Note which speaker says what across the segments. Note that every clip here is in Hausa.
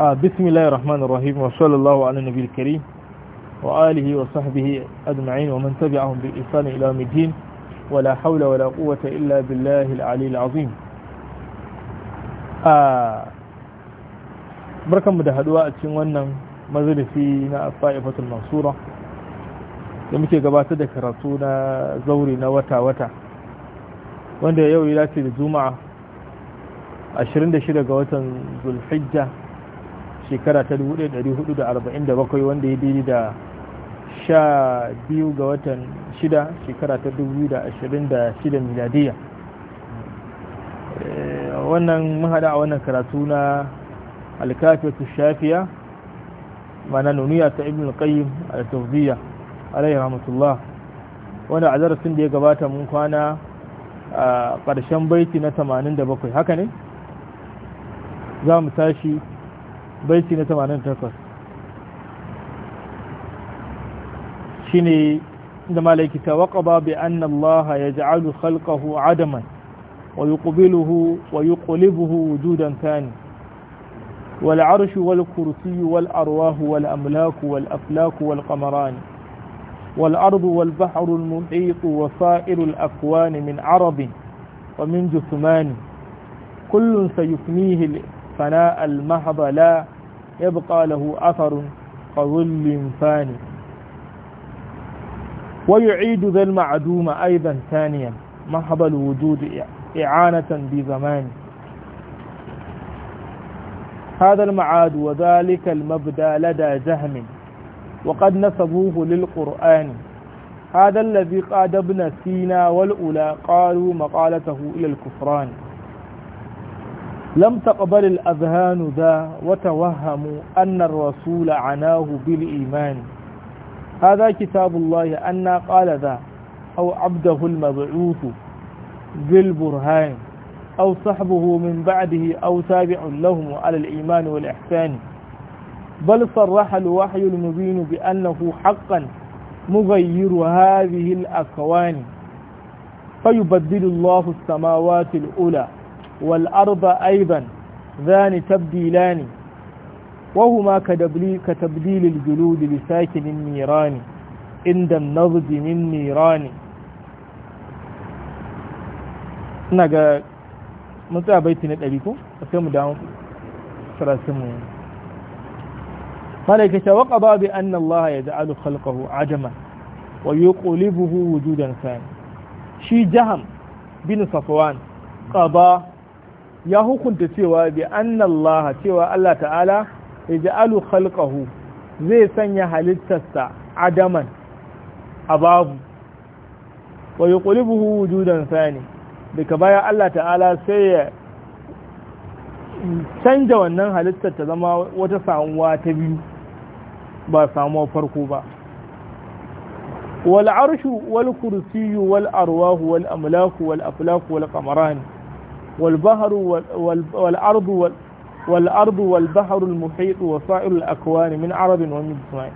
Speaker 1: بسم الله الرحمن الرحيم وصلى الله على النبي الكريم وآله وصحبه أجمعين ومن تبعهم بالإحسان إلى يوم الدين ولا حول ولا قوة إلا al العلي العظيم بركم da haduwa a cikin wannan majalisi na Fa'ifatul Mansura da muke gabatar da karatu na zauri na wata-wata wanda yau ya lati da Juma'a 26 ga watan Zulhijja shekara ta 1447 wanda ya daidai da sha biyu ga watan shida shekara ta 2026 miladiya eh, wannan mahada a wannan karatu na alkafiyatu shafiya mana nuniya ta ibn al-qayyim al-tawziya alayhi rahmatullah wanda a zarafin da ya gabata mun kwana a ƙarshen baiti na 87 haka ne za mu tashi baiti na 88 shine da malaiki ta waqaba bi anna Allah yaj'alu khalqahu adaman wa yuqbiluhu wa wujudan والعرش والكرسي والأرواح والأملاك والأفلاك والقمران والأرض والبحر المحيط وصائر الأكوان من عرب ومن جثمان كل سيفنيه الفناء المحض لا يبقى له أثر كظل فاني ويعيد ذا المعدوم أيضا ثانيا محض الوجود إعانة بزمان هذا المعاد وذلك المبدا لدى جهم وقد نسبوه للقرآن هذا الذي قاد ابن سينا والأولى قالوا مقالته إلى الكفران لم تقبل الأذهان ذا وتوهموا أن الرسول عناه بالإيمان هذا كتاب الله أن قال ذا أو عبده المبعوث بالبرهان أو صحبه من بعده أو تابع لهم على الإيمان والإحسان بل صرح الوحي المبين بأنه حقا مغير هذه الأكوان فيبدل الله السماوات الأولى wal arba aidan zani tabdilani wahuma huma ka dabli ka tabdilil juludi bi sakinin mirani inda nadhdi mirani naga mutsa baiti na dari ko sai mu da mu sarasin mu malaka ta waqaba bi wujudan shi jaham bin safwan qaba ya hukunta cewa bi annallaha cewa Allah ta'ala yaj'alu khalqahu zai sanya halittarsa adaman ababu wa yuqlibuhu wujudan sani daga baya Allah ta'ala sai ya canja wannan halittar ta zama wata samuwa ta biyu ba samuwa farko ba wal arshu wal kursiyu wal arwahu wal amlaku wal aflaku wal qamarani والبهر والأرض والأرض والبحر المحيط وصائر الأكوان من عرب ومن إسماعيل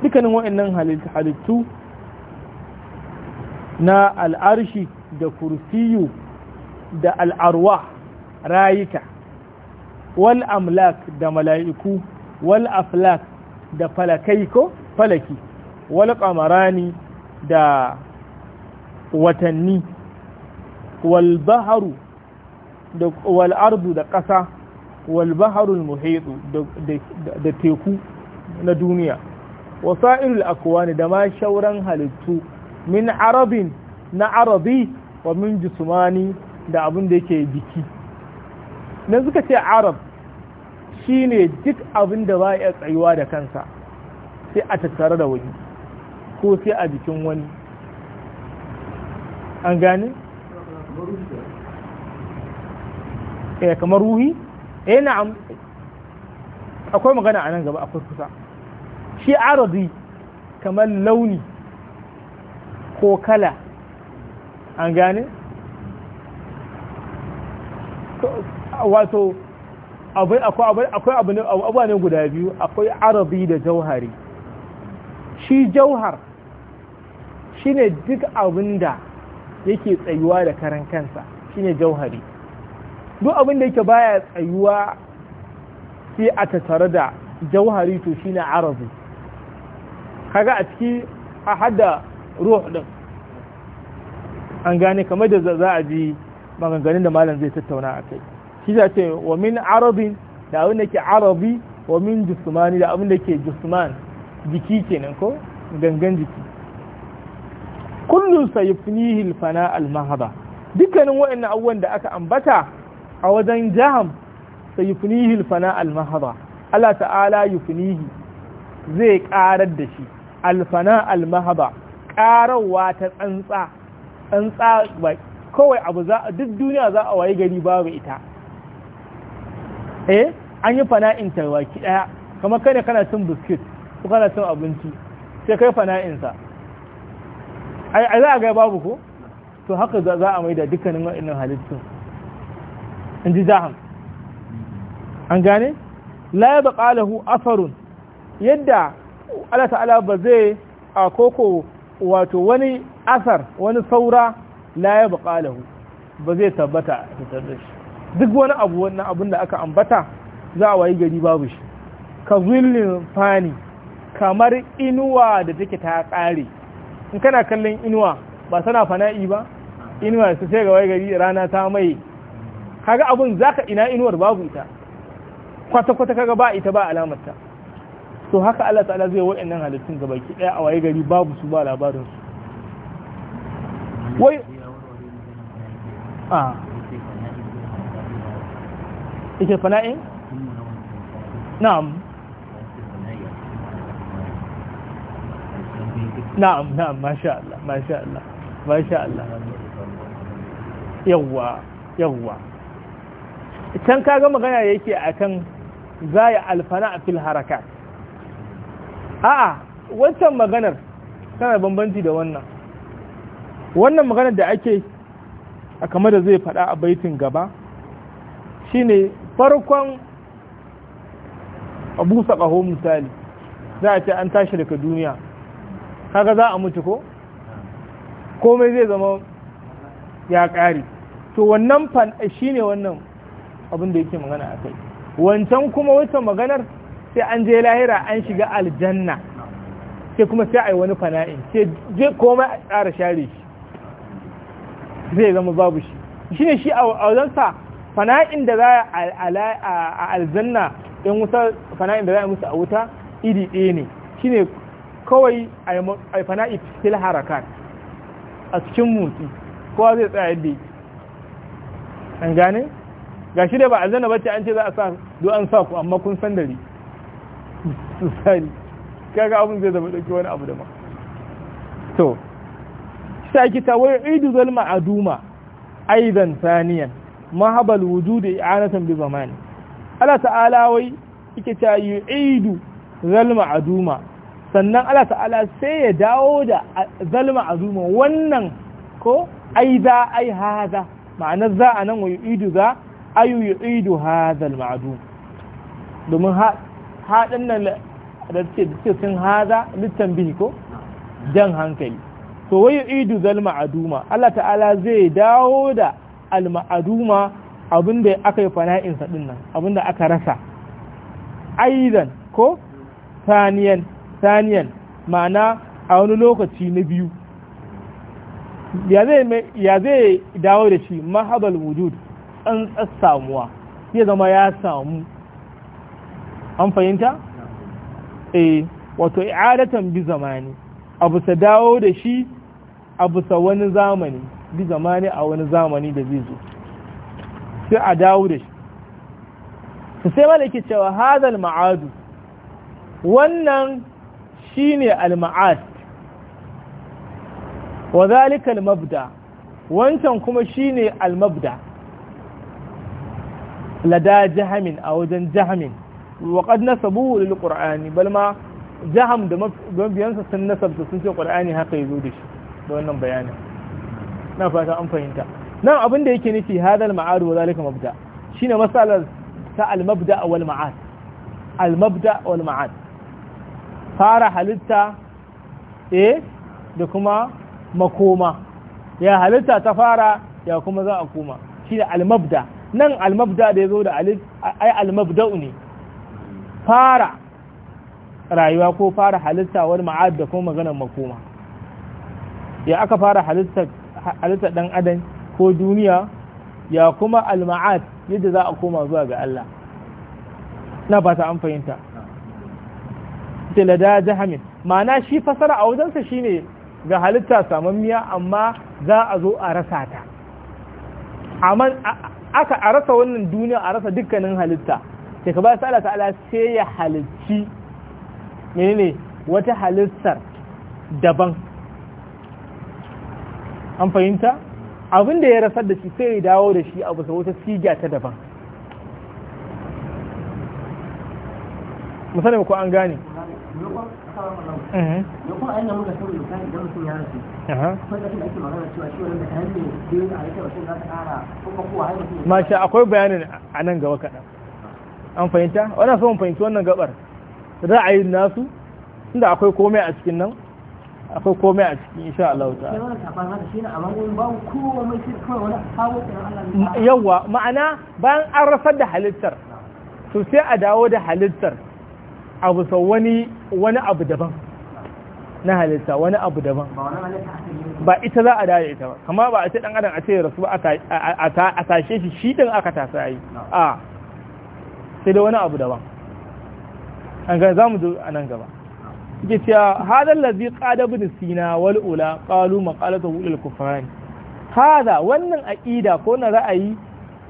Speaker 1: dukkanin wa'annan halittu na al'arshi da kursiyu da al'arwa rayuka wal amlak da mala'iku wal aflak da falakai ko falaki wal kamarani da watanni wal baharu da da ƙasa wal baharul da teku na duniya wa sa'irul akwani da ma shauran halittu min arabin na arabi wa min jisumani da abin da yake jiki na suka ce arab shine duk abin da ba ya tsayuwa da kansa sai a tattare da wani ko sai a jikin wani an gani? eh kamar ruhi eh na'am akwai magana a nan gaba akwai kusa shi aradi kamar launi ko kala an gane wato akwai abuwa ne guda biyu akwai arabi da jauhari shi jauhar shi ne duk abinda yake tsayuwa da karan kansa shi ne jauhari duk abin da yake baya tsayuwa sai a tattare da jauhari to shine arabu kaga a ciki a hada ruh din an gane kamar da za a ji maganganun da malam zai tattauna a kai shi za ce wa min arabin da abin da ke arabi wa min jisumani da abin da ke jisuman jiki kenan ko gangan jiki kullun hilfana al almahaba dukkanin waɗannan abubuwan da aka ambata a wajen jaham sai yufnihi alfana almahada Allah ta'ala yufnihi zai karar da shi alfana almahada karawa ta tsantsa tsantsa ba kawai abu za a duk duniya za a waye gari babu ita eh an yi fana'in tarwaki daya kamar kai ne kana cin biskit ko kana cin abinci sai kai fana'insa ai za a ga babu ko to haka za a maida dukkanin waɗannan halittun in ji jahan an gane la ya baƙa lahu asarun yadda Allah ta'ala ba zai a koko wato wani asar wani saura la ya baƙa lahu ba zai tabbata da shi duk wani abu wannan abin da aka ambata za a wayi gari babu shi ka zullin fani kamar inuwa da take ta ƙare in kana kallon inuwa ba sana fana'i ba inuwa su sai ga wayi gari rana ta mai kaga abun zaka ina inuwar babu ita kwata kwata kaga ba ita ba alamarta to haka Allah ta'ala zai wa'annan halittun gaba baki daya a waye gari babu su ba labarin su wai a ita fana'in na'am na'am na'am masha Allah masha Allah masha Allah yawwa yawwa can kaga magana yake akan zaya alfana a fil harakat a'a wancan maganar tana bambanci da wannan wannan maganar da ake a kama da zai fada a baitin gaba shine farkon abu saƙaho misali za a ce an tashi daga duniya kaga za a mutu ko komai zai zama ya ƙari to wannan shi ne wannan abinda yake magana a kai wancan kuma wata maganar sai an je lahira an shiga aljanna sai kuma sai a yi wani fana'in sai je komai a tsara share shi zai zama babu shi shi ne shi a wajensa fana'in da za a aljanna in wuta fana'in da za a musu a wuta iri ɗaya ne shi ne kawai a yi fana'i fil harakat a cikin motsi kowa zai da yi an gane ga shi dai ba azana ce an ce za a sa duk an sa ku amma kun san dare sani kaga abun zai zama dauki wani abu da ma to sai ta wa idu zalma aduma aidan saniyan mahabal wujud i'anatan bi zamani Allah ta'ala wai yake ta yi Idu zalma aduma sannan Allah ta'ala sai ya dawo da zalma aduma wannan ko aiza ai haza ma'anar za a nan wa yu'idu za ayu yi idu al ma'adu domin haɗin nan da suke sun haza littan bihi ko jan hankali to wai idu zal ma'aduma Allah ta'ala zai dawo da al ma'aduma abinda aka yi fana'in saɗin nan abinda aka rasa aizan ko saniyan saniyan ma'ana a wani lokaci na biyu ya zai dawo da shi mahabal wujud tsantsar samuwa ya zama ya samu an fahimta? eh wato i'adatan bi zamani abu sa dawo da shi abu sa wani zamani bi zamani a wani zamani da zai zo sai a dawo da shi su sai mala ke cewa hazal ma'adu wannan shi ne alma'ad, wa zalika mabda wancan kuma shine almabda mabda lada jahamin a wajen jahamin waƙad nasabu lil qur'ani bal ma jaham da mabiyansa sun nasabta sun ce qur'ani haka yazo da shi da wannan bayanin na fata an fahimta nan abin da yake nufi hadal ma'ad wa zalika mabda shine masalar ta al mabda wal ma'ad al mabda wal ma'ad fara halitta eh da kuma makoma ya halitta ta fara ya kuma za a koma shine al mabda nan almabda da ya zo da alif ai almabda'u ne fara rayuwa ko fara halitta wani ma'ad da kuma maganar makoma ya aka fara halitta dan adam ko duniya ya kuma alma'ad yadda za a koma zuwa ga Allah na ba ta an tilada jahamin ma'ana shi fasara a wajensa shine ga halitta samammiya amma za a zo a rasa ta aka a rasa wannan duniya a rasa dukkanin halitta sai ka ba su Allah ta'ala sai ya halicci menene wata halittar daban an fahimta abin da ya rasar da shi sai ya dawo da shi a bisa wata sigiya ta daban musamman ko an gane masha akwai bayanin a nan gaba kaɗan an fahimta wadda sun fahimci wannan gabar ra'ayin nasu inda akwai komai a cikin nan akwai komai a cikin insha Allah ta yawa ma'ana bayan an rasar da halittar sosai sai a dawo da halittar abu sau wani abu daban na halitta wani abu daban ba ita za a da ita ba kama ba a ce dan adam a ce rasu a tashe shi shi din aka tasa yi a sai da wani abu daban an ga za mu zo a nan gaba suke cewa hadar lazi kada bin sina wal ula qalu maqalatu ulul kufran hada wannan aƙida ko na ra'ayi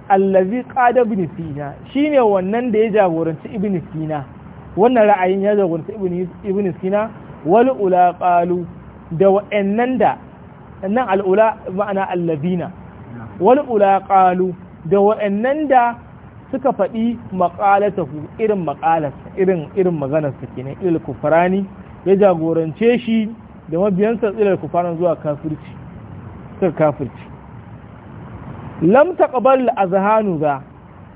Speaker 1: allazi qada ibn sina shine wannan da ya jagoranci ibn sina wannan ra'ayin ya jagoranci ibn sina wal'ula ƙalu da wa'annan da nan al'ula ma'ana allazina wal'ula ƙalu da wa'annan da suka faɗi maƙalatahu irin maƙalarsa irin irin maganarsa kenan ilal kufrani ya jagorance shi da mabiyansa ilal kufrani zuwa kafirci suka kafirci lam taqbal azhanu ga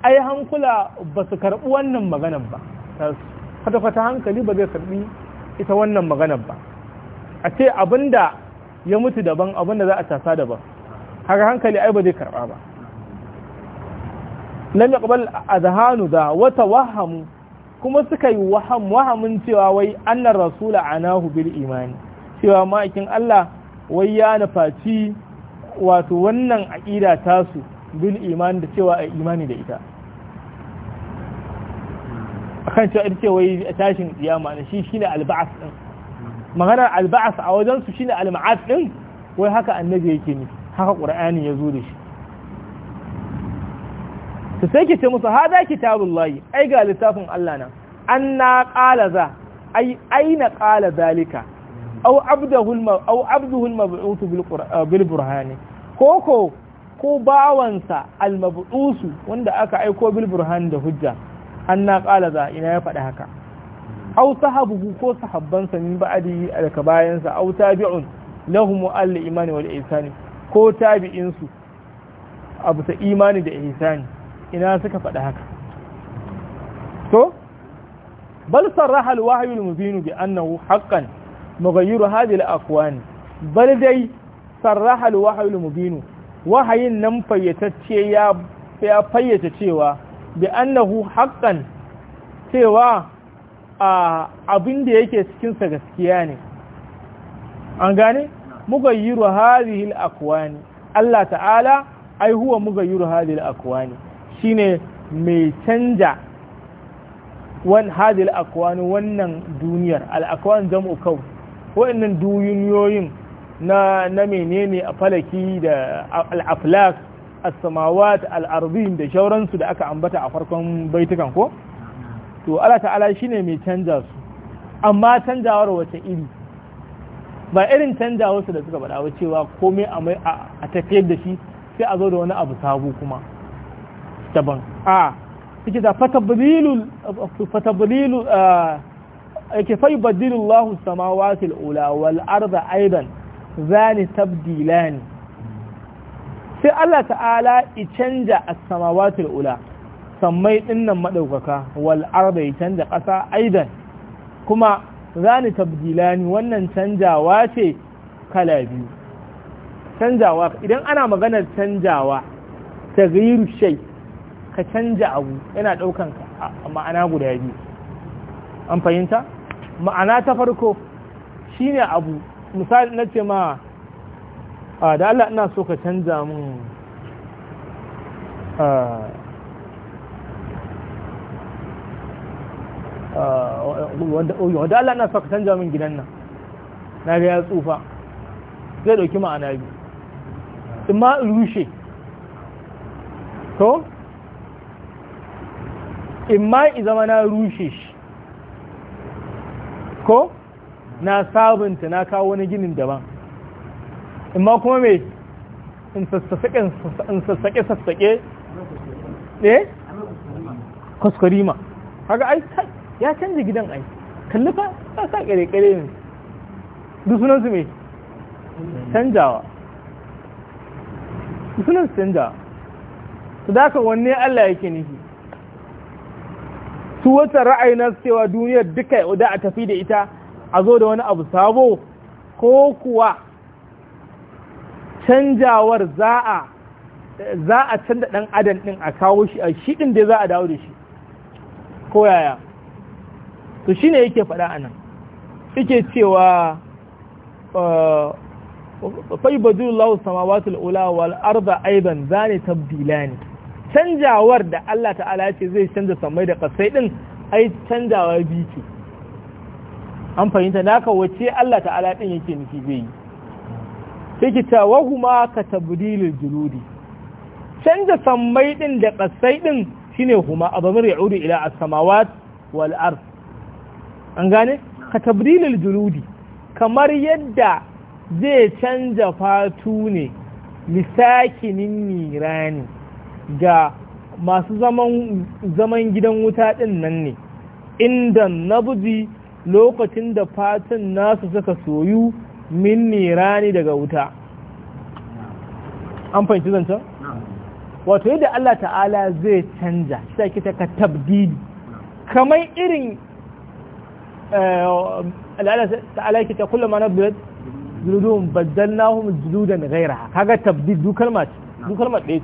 Speaker 1: ai hankula ba su karɓi wannan maganar ba kwata-kwata hankali ba zai karɓi ita wannan maganar ba a ce abinda ya mutu daban abinda za a tasa daban har hankali ai ba zai karba ba lam yaqbal azhanu da wata wahamu kuma suka yi waham wahamin cewa wai annar rasula anahu bil imani cewa ma akin Allah wai ya nafaci wato wannan aqida tasu bil imani da cewa ai imani da ita akan cewa ita ce wai tashin kiyama ne shi shine alba'as din maganar alba'as a wajen su shine alma'as din wai haka annabi yake ne haka qur'ani ya zo da shi to sai ke ce musu hada kitabullahi ai ga littafin Allah nan anna qala za ai aina qala zalika aw abduhu aw abduhu al-mab'uth eh, bil burhani koko ko bawansa al-mab'uth wanda aka aiko bil burhani da hujja an na za ina ya faɗi haka au sahabuhu ko sahabbansa min ba'adi daga bayansa au tabi'un lahum al imani wal ihsani ko su abu ta imani da ihsani ina suka faɗi haka to bal sarraha al wahyu al mubin bi annahu haqqan mughayyir hadhihi al aqwan bal dai sarraha al wahyu al mubin wahayin nan fayyatacce ya fayyace cewa bi annahu haqqan cewa abin da yake cikin sa gaskiya ne an gane mugayyiru hadhihi al-aqwani Allah ta'ala ai huwa mugayyiru hadhihi al-aqwani shine mai canja wan hadhihi aqwani wannan duniyar al-aqwan jam'u kaw wa'annan duniyoyin na na menene a falaki da al-aflak as-samawat al-ardhin da shauransu da aka ambata a farkon baitukan ko to Allah ta'ala shine mai canja su amma canjawar wace iri ba irin canjawar su da suka faɗa wa cewa komai a tafiyar da shi sai a zo da wani abu sabu kuma daban a yake da fatablilu fatablilu yake fa yubaddilu Allahu samawati al-ula wal arda aidan zani tabdilani sai Allah ta'ala i canja as-samawatul ula sammai dinnan maɗaukaka wal arda ya canja ƙasa aidan kuma zani tabdilani wannan canjawa ce kala biyu canjawa idan ana maganar canjawa gairu shai ka canja abu yana daukan ma'ana guda biyu an fahimta ma'ana ta farko shine abu misali na ce ma a ah, da Allah ina so ka canza min ah, ah, wadda Allah na saka canja min gidan nan na ga ya tsufa zai dauki ma'ana biyu in ma rushe to in ma zama na rushe shi ko na sabunta na kawo wani ginin daban imma kuma me in sassaƙe-sassaƙe ɗaya kwaskwarima haka ai ya canza gidan ai kallifa ta sa ƙere-ƙere ne duk sunansu mai canjawa duk sunansu canjawa su daga wanne Allah yake nufi su wata ra'ayinan su cewa duniyar duka da a tafi da ita a zo da wani abu sabo ko kuwa canjawar za a za canza ɗan adam ɗin a kawo shi a shi ɗin da za a dawo da shi ko yaya to shi yake faɗa a yake cewa fai baju lau samawatu al'ula wal arda aidan za ne canjawar da Allah ta'ala ce zai canza samai da kasai ɗin ai canjawa biki an fahimta naka wace Allah ta'ala ɗin yake nufi zai yi sai ki wahuma ka tabdilil juludi canza sammai din da kasai din shine huma abamir ya'udu ila as-samawat wal ard an gane ka tabdilil juludi kamar yadda zai canza fatu ne misakinin nirani ga masu zaman gidan wuta din nan ne inda nabuzi lokacin da fatin nasu suka soyu min nirani daga wuta an fahimci zancen wato yadda Allah ta'ala zai canja sai kita ka tabdili kamar irin eh, al'adar ta'ala ta kullum mana biyar zuludun baddalnahum zuludan ghairaha kaga tabdil du kalma ce du kalma ɗaya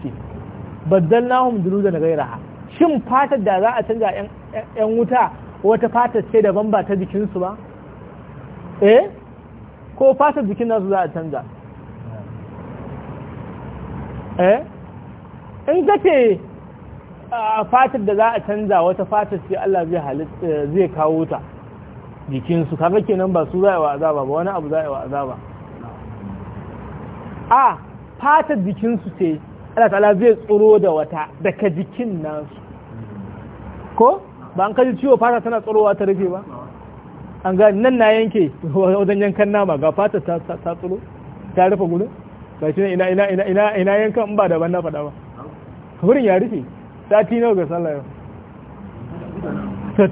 Speaker 1: ce da gaira ha shin fatar da za a canja yan wuta wata fatar ce daban ba ta jikinsu ba eh ko fatar jikin nasu za a canza eh in a fatar da za a canza wata fatar ce Allah zai halitta zai kawo ta jikin su, kaga kenan ba su za wa azaba ba wani abu za wa azaba a fatar jikin su ce Allah ta'ala zai tsoro da wata daga jikin nasu ko ba an kaji ciwo fata tana tsorowa ta rufe ba an ga nan na yanke wajen yankan nama ga fata ta tsiro ta rufe gudu ga shi ina ina ina ina ina yankan in ba da ban na faɗa ba gurin ya rufe sati nawa ga sallah yau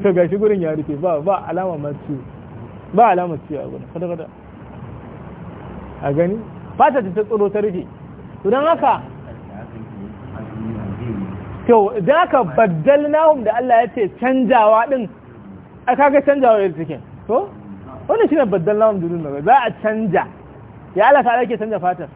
Speaker 1: to ga shi gurin ya rufe ba ba alama ma ba alama ciwo a gurin kada kada a gani fata ta tsiro ta rufe to haka to da haka baddalnahum da Allah ya ce canjawa din a kaga canjawa da cikin ko wannan ne baddan lawan dunun ba za a canja ya Allah ta ke canja fatar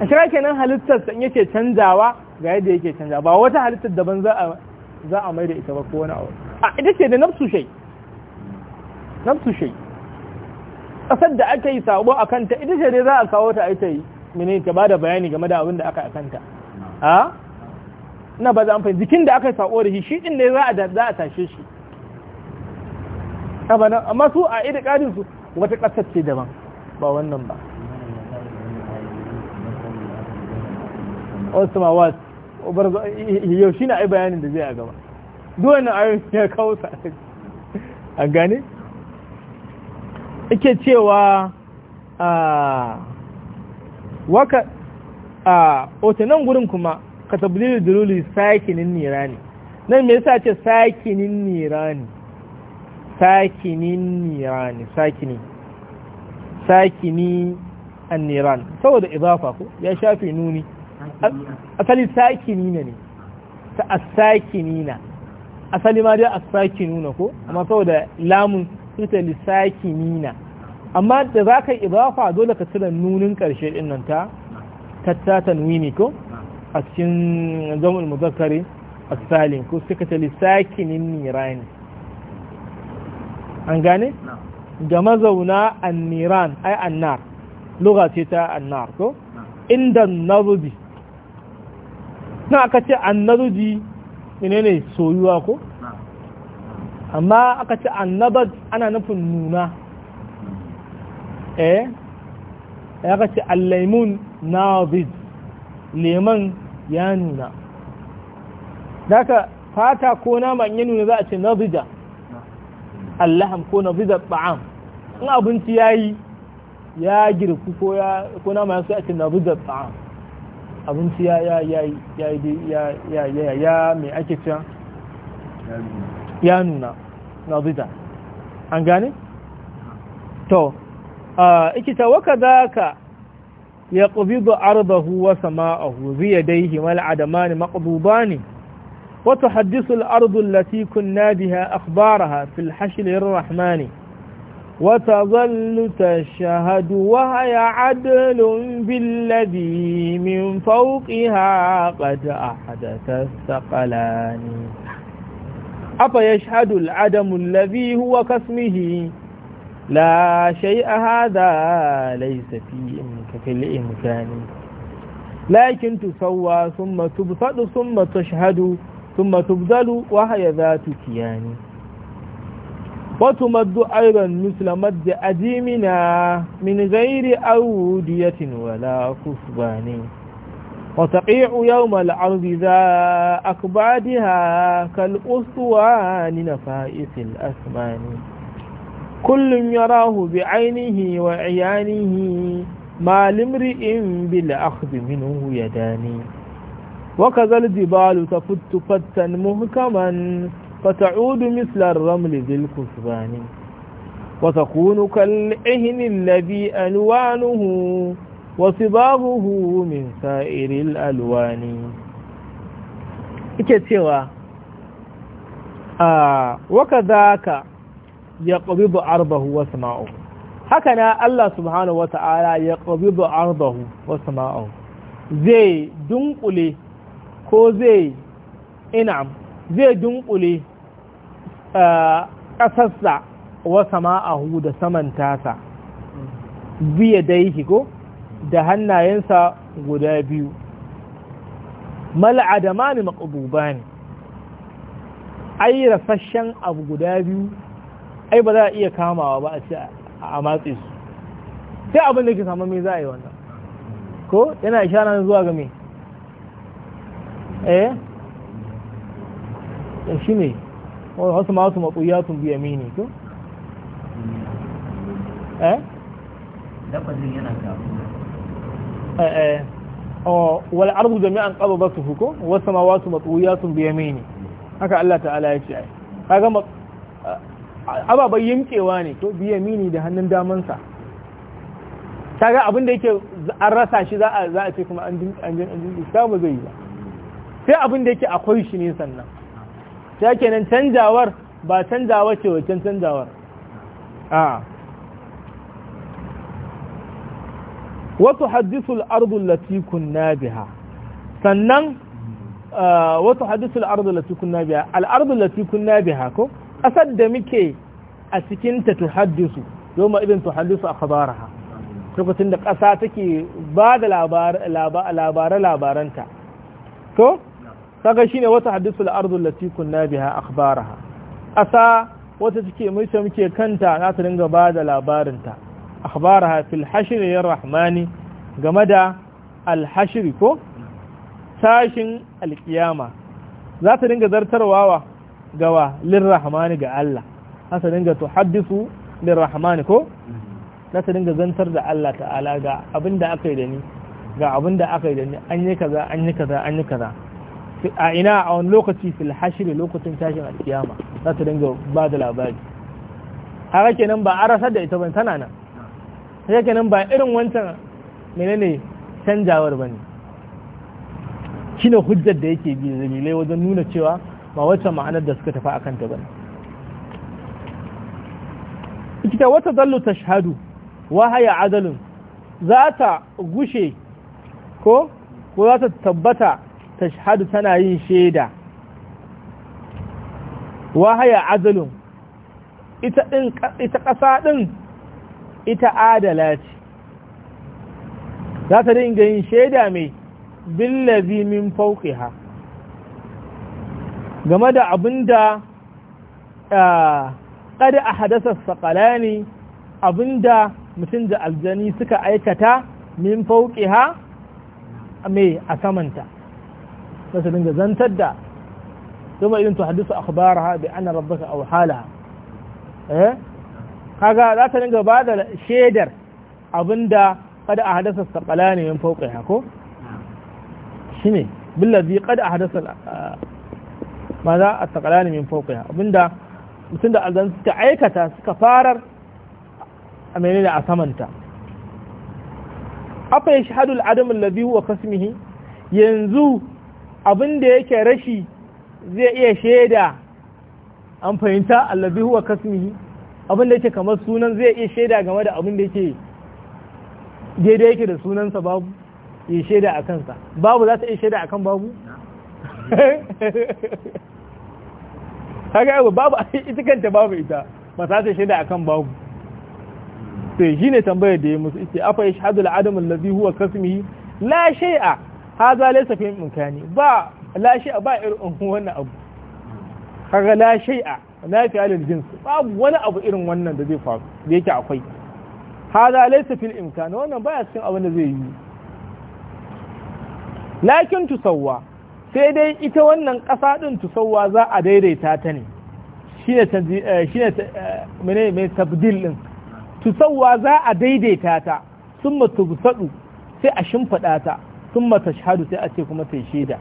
Speaker 1: a shirya kenan halittar san yake canjawa ga yadda yake canja ba wata halittar daban za a mai da ita ba ko wani abu a ita ce da nafsu shai nafsu shai kasar da aka yi sabo a kanta ita ce dai za a kawo ta aita yi mini ta da bayani game da abin da aka akanta a na ba za a fahimci jikin da aka yi sabo da shi shi din ne za a tashe shi abadan amma su a idiƙadin su wata ƙasar ce daban ba wannan ba wasu mawas yau shi na ai bayanin da zai a gaba duwannan ayon ya kawo sa a gane ike cewa a waka a otunan gurin kuma ka tabbili da duruli sakinin nira ne nan me yasa ce sakinin nira ne sakinin nirani sakini sakini an niran saboda idafa ko ya shafi nuni asali sakini ne ne ta asakini na asali ma dai asakinu na ko amma saboda lamun ita lisakini na amma da za ka idafa dole ka cire nunin karshe din nan ta tatta tanwini ko a cikin zamul muzakkari as-salim ko suka ta lisakinin nirani an gane ga mazauna an-niran ai annar lugha ce ta annar ko inda narudi na aka ce annarudi ne ne soyuwa ko amma aka ce nabar ana nufin nuna mm. eh ya ka ce allaimun navid leman ya nuna daga fata ko nama an yi nuna za a ce navida allaham ko na bizar ba'am in abinci ya yi ya girku ko ya ko nama ya sai a na bizar ba'am abinci ya ya ya ya ya ya ya ya mai ake cewa ya nuna na bizar an gane? to ikita waka za ka ya ƙubi ardahu wa sama'ahu ziyadaihi mal'adamani ne وتحدث الأرض التي كنا بها أخبارها في الحشر الرحمن وتظل تشهد وهي عدل بالذي من فوقها قد أحدث الثقلان يشهد العدم الذي هو كاسمه لا شيء هذا ليس في, في الإمكان لكن تسوى ثم تبطل ثم تشهد ثم تبدل وهي ذات كيان وتمد أيضا مثل مد أديمنا من غير أودية ولا كثبان وتقيع يوم الأرض ذا أكبادها كالأسوان نفائس الأسمان كل يراه بعينه وعيانه ما لامرئ بالأخذ منه يداني وكذا الجبال تفت فتا مهكما فتعود مثل الرمل ذي الكثبان وتكون كالعهن الذي ألوانه وصبابه من سائر الألوان كتوى آه وكذاك يقبض عرضه وسماؤه هكذا الله سبحانه وتعالى يقبض عرضه وسماؤه زي دنقلي ko zai ina zai dunkule ƙasarsa wa maahu da saman tasa biya daihi ko da hannayensa guda biyu ma ne maƙabuba ne ai rasashen abu guda biyu ai ba za a iya kamawa ba a ce a matse su sai abin da ke samu mai za a yi wannan ko yana isharar zuwa ga mai Eh? eh shi ne wasu masu sun biya mini tun? eh
Speaker 2: lafazin yana kafu
Speaker 1: eh eh oh, wal arzu jami'an ba su qabdatuhu wasu masu matsuya sun biya mini, haka Allah ta'ala ya ce ai kaga ababai yankewa ne to biya mini da hannun damansa. Ta ga abin da yake an rasa shi za a ce kuma an an an samu zai yi ba sai abin da yake akwai shi ne sannan ta nan canjawar ba canjawa ce wacan canjawar a wasu hadisul ardun latikun na biya sannan wasu hadisul ardun latikun na biya al'ardun latikun na ko ƙasar da muke a cikin tu tuhaddisu yau ma irin tuhaddisu a ha lokacin da ƙasa take ba da labaran labaranta to kaga shine wata hadithul ardu allati kunna biha akhbaraha asa wata take mai ta muke kanta za ta dinga bada labarin ta akhbaraha fil hashr ya rahmani game da al hashr ko tashin al qiyama za ta dinga wa gawa lir rahmani ga Allah za ta dinga tuhaddisu lir rahmani ko za ta dinga zantar da Allah ta'ala ga abinda aka yi da ni ga abinda aka yi da ni an yi kaza an yi kaza an yi kaza a ina a wani lokaci fil hashiri lokacin tashin alkiyama za ta dinga ba da labari haka kenan ba a rasar da ita ban tana nan haka kenan ba irin wancan menene canjawar bane Kina hujjar da yake bi zamilai wajen nuna cewa ba wacce ma'anar da suka tafi a kanta ba ita wata dallu ta shahadu wahaya adalun za ta gushe ko ko za ta tabbata tashhadu tana yin shaida wahaya azalun ita din ita kasa din ita adala ce za ta dinga yin shaida mai billazi min fawqiha game da abinda qad ahadatha saqalani abinda mutum da aljani suka aikata min ha mai a samanta na su dinga zantar da ثم إذن تحدث أخبارها بأن ربك أو حالها eh kaga za ta dinga ba da shaidar abinda kada a hadasa sakala ne yin ya ko shi ne billazi kada a hadasa ma za a sakala ne yin fauka abinda mutum da azan suka aikata suka farar a menene a samanta afa ya shahadul adam allazi huwa kasmihi yanzu abin da yake rashi zai iya shaida an fahimta allazi huwa kasmihi abin da yake kamar sunan zai iya shaida game da abin da yake daidai yake da sunansa babu ya shaida a kansa babu za ta iya shaida a kan babu haka yau babu ita kanta babu ita ba za ta shaida a kan babu sai shi ne tambayar da ya musu ita afa ya shahadu al'adamun lazi huwa kasmihi la shai'a haza laysa fi imkani ba la shay'a ba irin wannan abu kaga la shay'a la fi alil jins babu wani abu irin wannan da zai faru da yake akwai haza laysa fi imkani wannan ya cikin abin da zai yi lakin tusawwa sai dai ita wannan ƙasa din tusawwa za a daidaita ta ne shine eh, shine eh, mene mai tabdil din tusawwa za a daidaita ta summa tubsadu sai a shimfada ta sun mata shahadu sai a ce kuma ta shaida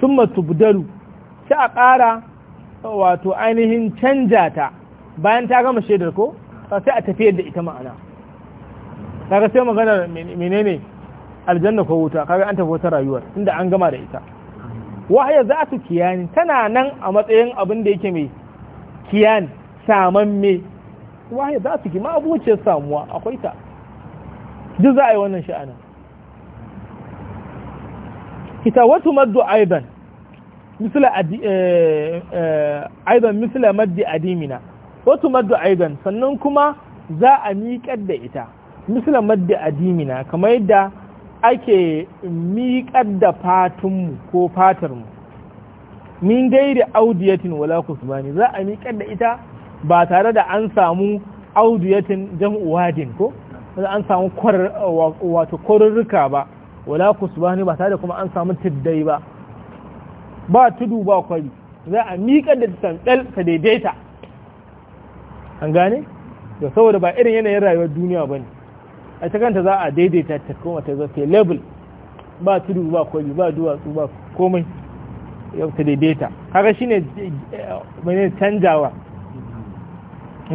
Speaker 1: sun matu budaru sai a ƙara wato ainihin canja ta bayan ta gama shaidar ko sai a tafiyar da ita ma'ana kaga sai maganar menene aljanna ko wuta kaga an tafi wata rayuwa inda an gama da ita wahaya za su kiyani tana nan a matsayin abin da yake mai kiyan saman me wahaya za su ki ma abuciyar samuwa akwai ta duk za a yi wannan sha'anin kita wasu maddu aiban misla eh, eh, aiban misla maddi adimina wasu maddu aiban sannan kuma za a miƙar da ita misla maddi adimina kamar yadda ake miƙar da fatunmu ko fatarmu min gairi audiyatin wala kusbani za a miƙar da ita ba tare da an samu audiyatin jam'u wadin ko an samu wato kwarurruka ba wala kusbani ba tare da kuma an samu tuddai ba ba tudu ba kwari za a miƙar da tsantsal ta daidaita an gane da saboda ba irin yanayin rayuwar duniya ba ne a ta kanta za a daidaita ta kuma ta zafi level ba tudu ba kwari ba duwatsu ba komai yau ta daidaita kaga shi ne mai canjawa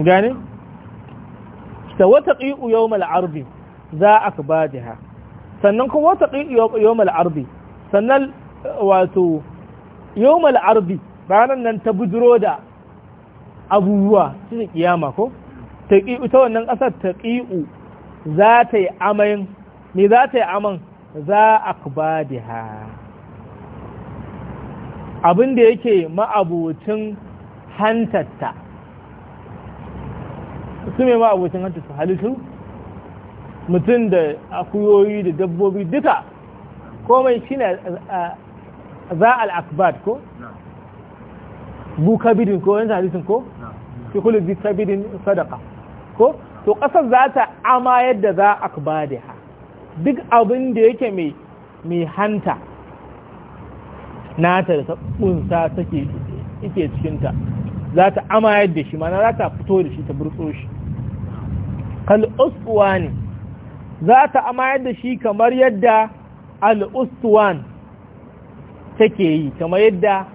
Speaker 1: gane ta wata ƙi'u yau mal'arbi za a ka ba da sannan kuma wata yawmal arbi sannan eh, wato yawmal arbi ranar nan ta bujiro da abubuwa ne kiyama ko ta ta wannan ƙasar ta ƙi'u za ta yi amayin ne za ta yi aman za a ha abin da yake ma'abucin hantatta su mai ma'abucin hantatta halittu mutum da akuyoyi da dabbobi duka komai shi ne za al'akbad ko? buka bidin ko wani hadisin ko? ke kula buka bidin sadaka ko? to ƙasar za ta ama yadda za akbadi ha duk abin da yake mai hanta nata da taɓunsa take ike cikinta za ta ama yadda shi mana za ta fito da shi ta burtso shi kal'uswa ne za ta amayar da shi kamar yadda al'ustuwan take yi kamar yadda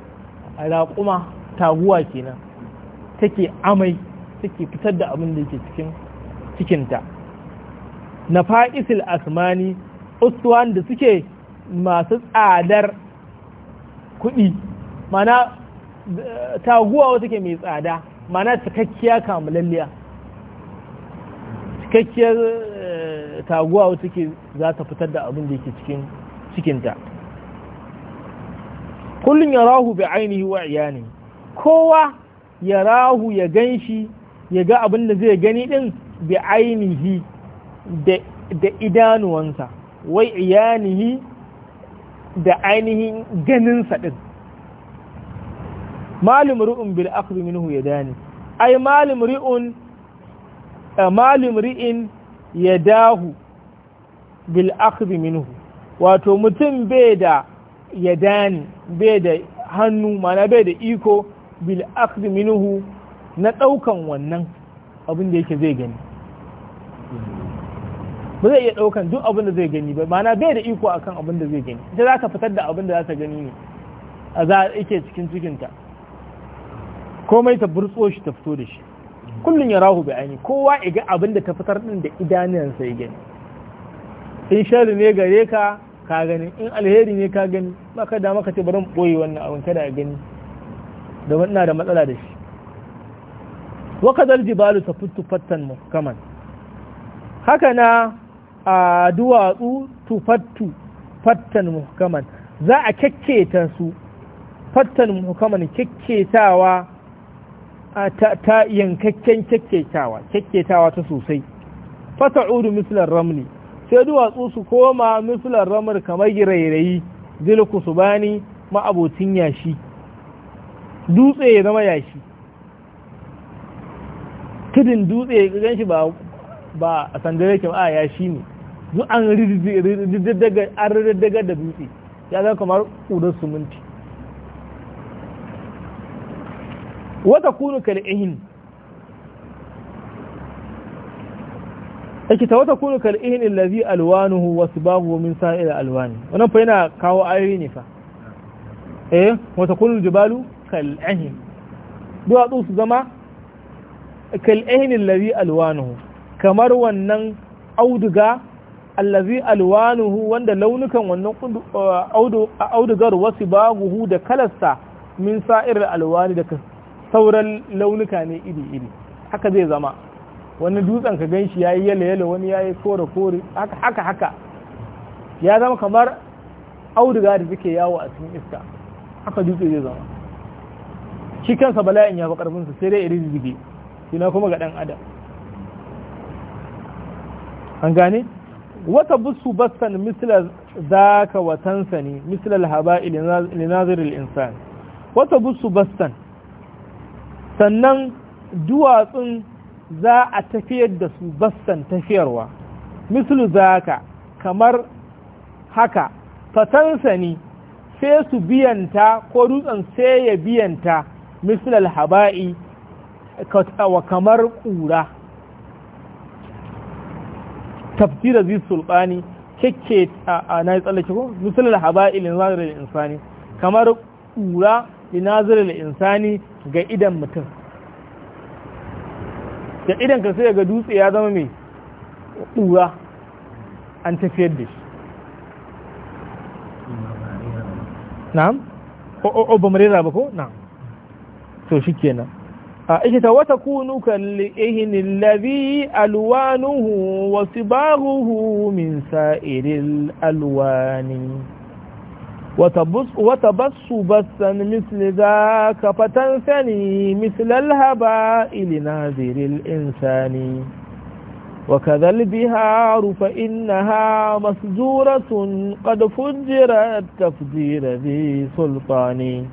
Speaker 1: raƙuma taguwa kenan take amai take fitar da abin da ke cikin cikinta na fa'isil asmani ustuwan da suke masu tsadar kuɗi mana eh, taguwa wata ke mai tsada mana cikakkiya kamulalliya cikakkiyar eh, taguwa wata ke za ta fitar da abin da yake cikin cikinta kullum ya rahu bi ainihi wa iyani kowa ya rahu ya gan shi ya ga abin da zai gani din bi ainihi da idanuwansa wai iyanihi da ainihin ganinsa din malum ri'un bil akhdhi minhu yadani ai malum ri'un malim ri'in ya dahu bil akhdhi minhu wato mutum bai da yadani bai da hannu mana bai da iko bil akhdhi minhu na daukan wannan abin da yake zai gani ba zai iya daukan duk abin da zai gani ba mana bai da iko akan abin da zai gani ita za ta fitar da abin da za ta gani ne a za a yake cikin cikinta komai ta burtso shi ta fito da shi kullun ya rahu bayani kowa ya ga abin da ta fitar din da idanunsa ya gani in shari ne gare ka ka gani in alheri ne ka gani ba ka da maka ce bari mu boye wannan abin kada ya gani domin ina da matsala da shi wa kadal jibalu tafuttu fattan muhkaman haka na a duwatsu tufattu fattan muhkaman za a kyakketa su fattan muhkaman kyakketawa ta yankakken kyakkyatawa kyakketawa ta sosai fata'udu mislar ramli sai duwatsu su koma mislar ramar kamar girairayi zilku su bani ma'abotin yashi dutse ya zama yashi tudin dutse ya gan shi ba a sandare ke a yashi ne zu an rididdaga da dutse ya zama kamar ƙudar suminti wata kunu kal'ihin ake ta wata kunu kal'ihin illazi alwanuhu wasu babu min sa'il alwani wannan fa yana kawo ayoyi ne fa eh wata kunu jibalu kal'ihin duwatsu su zama kal'ihin illazi alwanuhu kamar wannan auduga allazi alwanuhu wanda launukan wannan uh, audugar wasu baguhu da kalasta min sa'ir alwani da sauran launuka ne iri-iri haka zai zama wani dutsen ka ganshi ya yi yale-yale wani ya yi kore-kore haka haka ya zama kamar auduga da suke yawo a cikin iska haka dutse zai zama shi kansa bala'in ya fi karfinsa sai dai iri shi na kuma ga dan adam an gane wata busu bassan misla zaka watansa ne misla alhaba linazir insani wata busu basan. sannan duwatsun za a tafiyar da su bastan tafiyarwa mislu zaka kamar haka fatansani sai su biyanta ko dutsen sai ya biyanta mislal haba'i wa kamar ƙura tafsir zai sulɓani kake a na yi tsallake ko mislal haba'i linazirar insani kamar ƙura linazirar insani ga idan mutum da idan ka sai ga dutse ya zama mai ɗura an tafiyar da shi na'am o ba marira ba ko na'am to shi kenan a ikita wata kunu kalli ihinin labi alwanuhu wasu min sa'irin alwani وتبص وتبص بسا مثل ذاك فتنثني مثل الهباء لناذر الإنسان وكذا البهار فإنها مسجورة قد فجرت تفجير ذي سلطان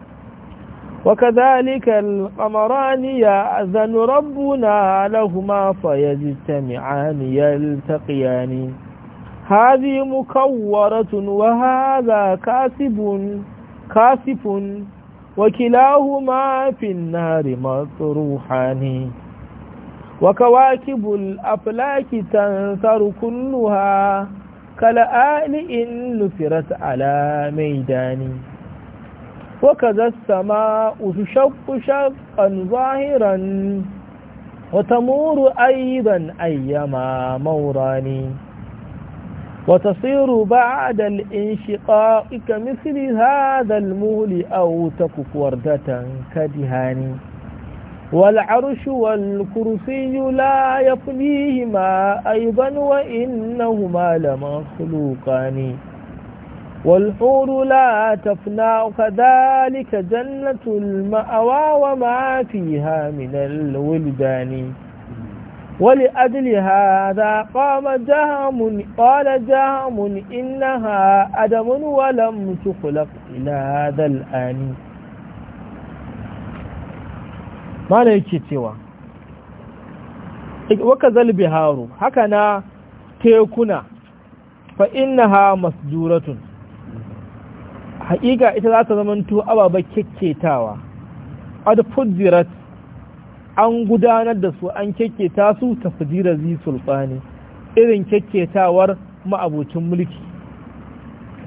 Speaker 1: وكذلك القمران يأذن ربنا لهما فيجتمعان يلتقيان هذه مكورة وهذا كاسب كاسف وكلاهما في النار مطروحان وكواكب الأفلاك تنثر كلها إن نثرت على ميدان وكذا السماء تشق شقا ظاهرا وتمور أيضا أيما موران وتصير بعد الانشقاق كمثل هذا المول أو تكف وردة كدهان والعرش والكرسي لا يفنيهما أيضا وإنهما لمخلوقان والحور لا تفنى كذلك جنة المأوى وما فيها من الولدان Wani ajliha za kuma wani jiha muni idan adamu wani mutuƙa lalata. Ina da al'adu. Ba na yi kyautkyawa. Jigibu ka Haru. Haka na tekuna. Fa ina ha masjuratun. A haƙiƙa ita za ta zama tuwo ababen kyakkyatawa. Addu fut di rasta. an gudanar da su an kyakketa su ta fujira zi sulfani irin kyakketawar ma'abocin mulki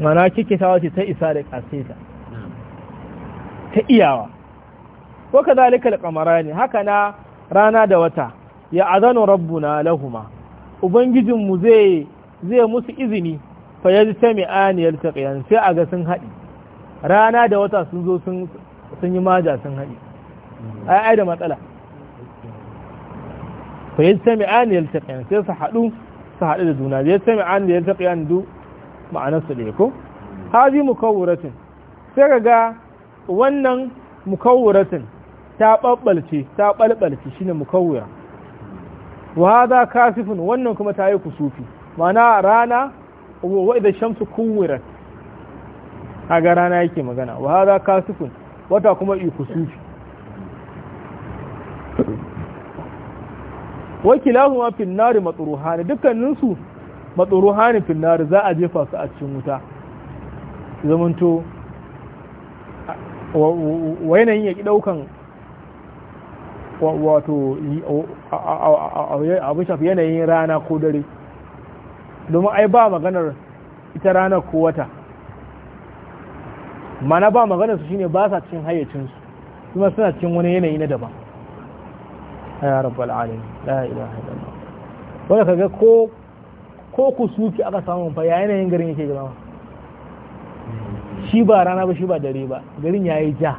Speaker 1: mana kyakketawa ce ta isa da kaseta ta iyawa ko ka zalika da ne haka na rana da wata ya azanu rabbuna lahuma ubangijinmu zai zai musu izini fa yaji ta mi'ani yaltaqiyan sai a ga sun haɗi rana da wata sun zo sun yi maja sun haɗi ai ai da matsala fa yajtami'an yaltaqiyan sai su haɗu su haɗu da juna yajtami'an yaltaqiyan du ma'anarsu da ya ko hazi mukawuratin sai ga ga wannan mukawuratin ta ɓaɓɓalce ta ɓalɓalce shi ne mukawura wa ka sifin wannan kuma ta yi kusufi ma'ana rana wa idan shamsu a ga rana yake magana wa ka sifin wata kuma yi kusufi wakilahuma fin nari matsuruhani dukkaninsu su matsuruhani fin nari za a jefa su a cikin wuta zamanto wa yanayin ya ki daukan wato abu shafi yanayin rana ko dare domin ai ba maganar ita ranar ko wata mana ba maganar su shine ba sa cikin hayyacinsu kuma suna cikin wani yanayi na daban ya rabbal alamin la ilaha illallah wanda kaga ko ko ku suki aka samu fa ya yanayin garin yake jama'a shi ba rana ba shi ba dare ba garin yayi ja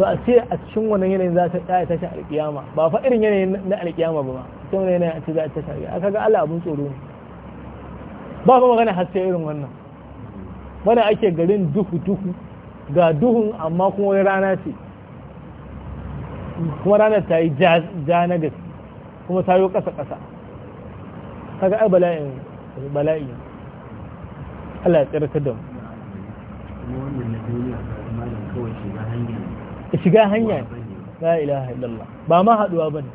Speaker 1: to a ce a cikin wannan yanayin za ta tsaya shi alkiyama ba fa irin yanayin na alkiyama ba ba to wani yanayin a ce za ta tashi aka kaga Allah abun tsoro ne ba fa magana haske irin wannan bana ake garin duhu duhu ga duhun amma kuma wani rana ce kuma ranar ta yi ja na gas, kuma ta yi ƙasa-ƙasa kaga ai bala'in bala'i Allah ya ta da mu shiga hanya ba ilaha illallah ba ma haduwa ba ne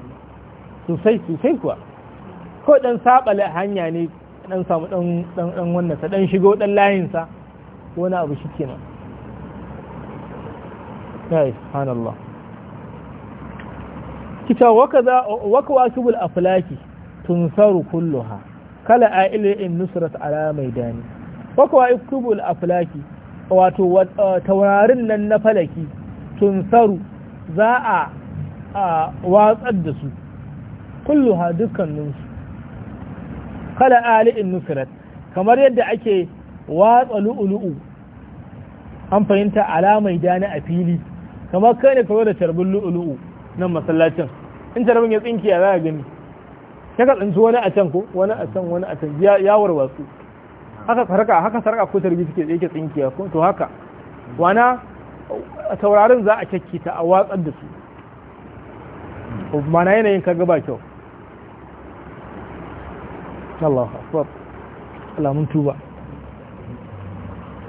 Speaker 1: sosai sosai kuwa ko dan saɓala hanya ne dan samu dan wannan sa dan shigo dan layinsa wani abu shi nan? ya yi subhanallah kita waka wakibul aflaki tunsaru kulluha kala a in nusrat ala mai dani waka wakibul aflaki wato uh, taurarin nan na falaki tun tunsaru za a watsar da su kulluha dukkaninsu kala ali'in nusrat kamar yadda ake watsa lu'ulu'u an fahimta alamai dani a fili kamar kai ne kawai da tarbin lu'ulu'u nan masallacin in tarabin ya tsinki za a gani ya ka tsinci wani a can ko wani a can wani a can ya warwatsu haka sarka haka sarka ko tarbi suke yake tsinkiya ko to haka wana taurarin za a kyakkita a watsar da su na yanayin kaga ba kyau Allah akbar alamun tuba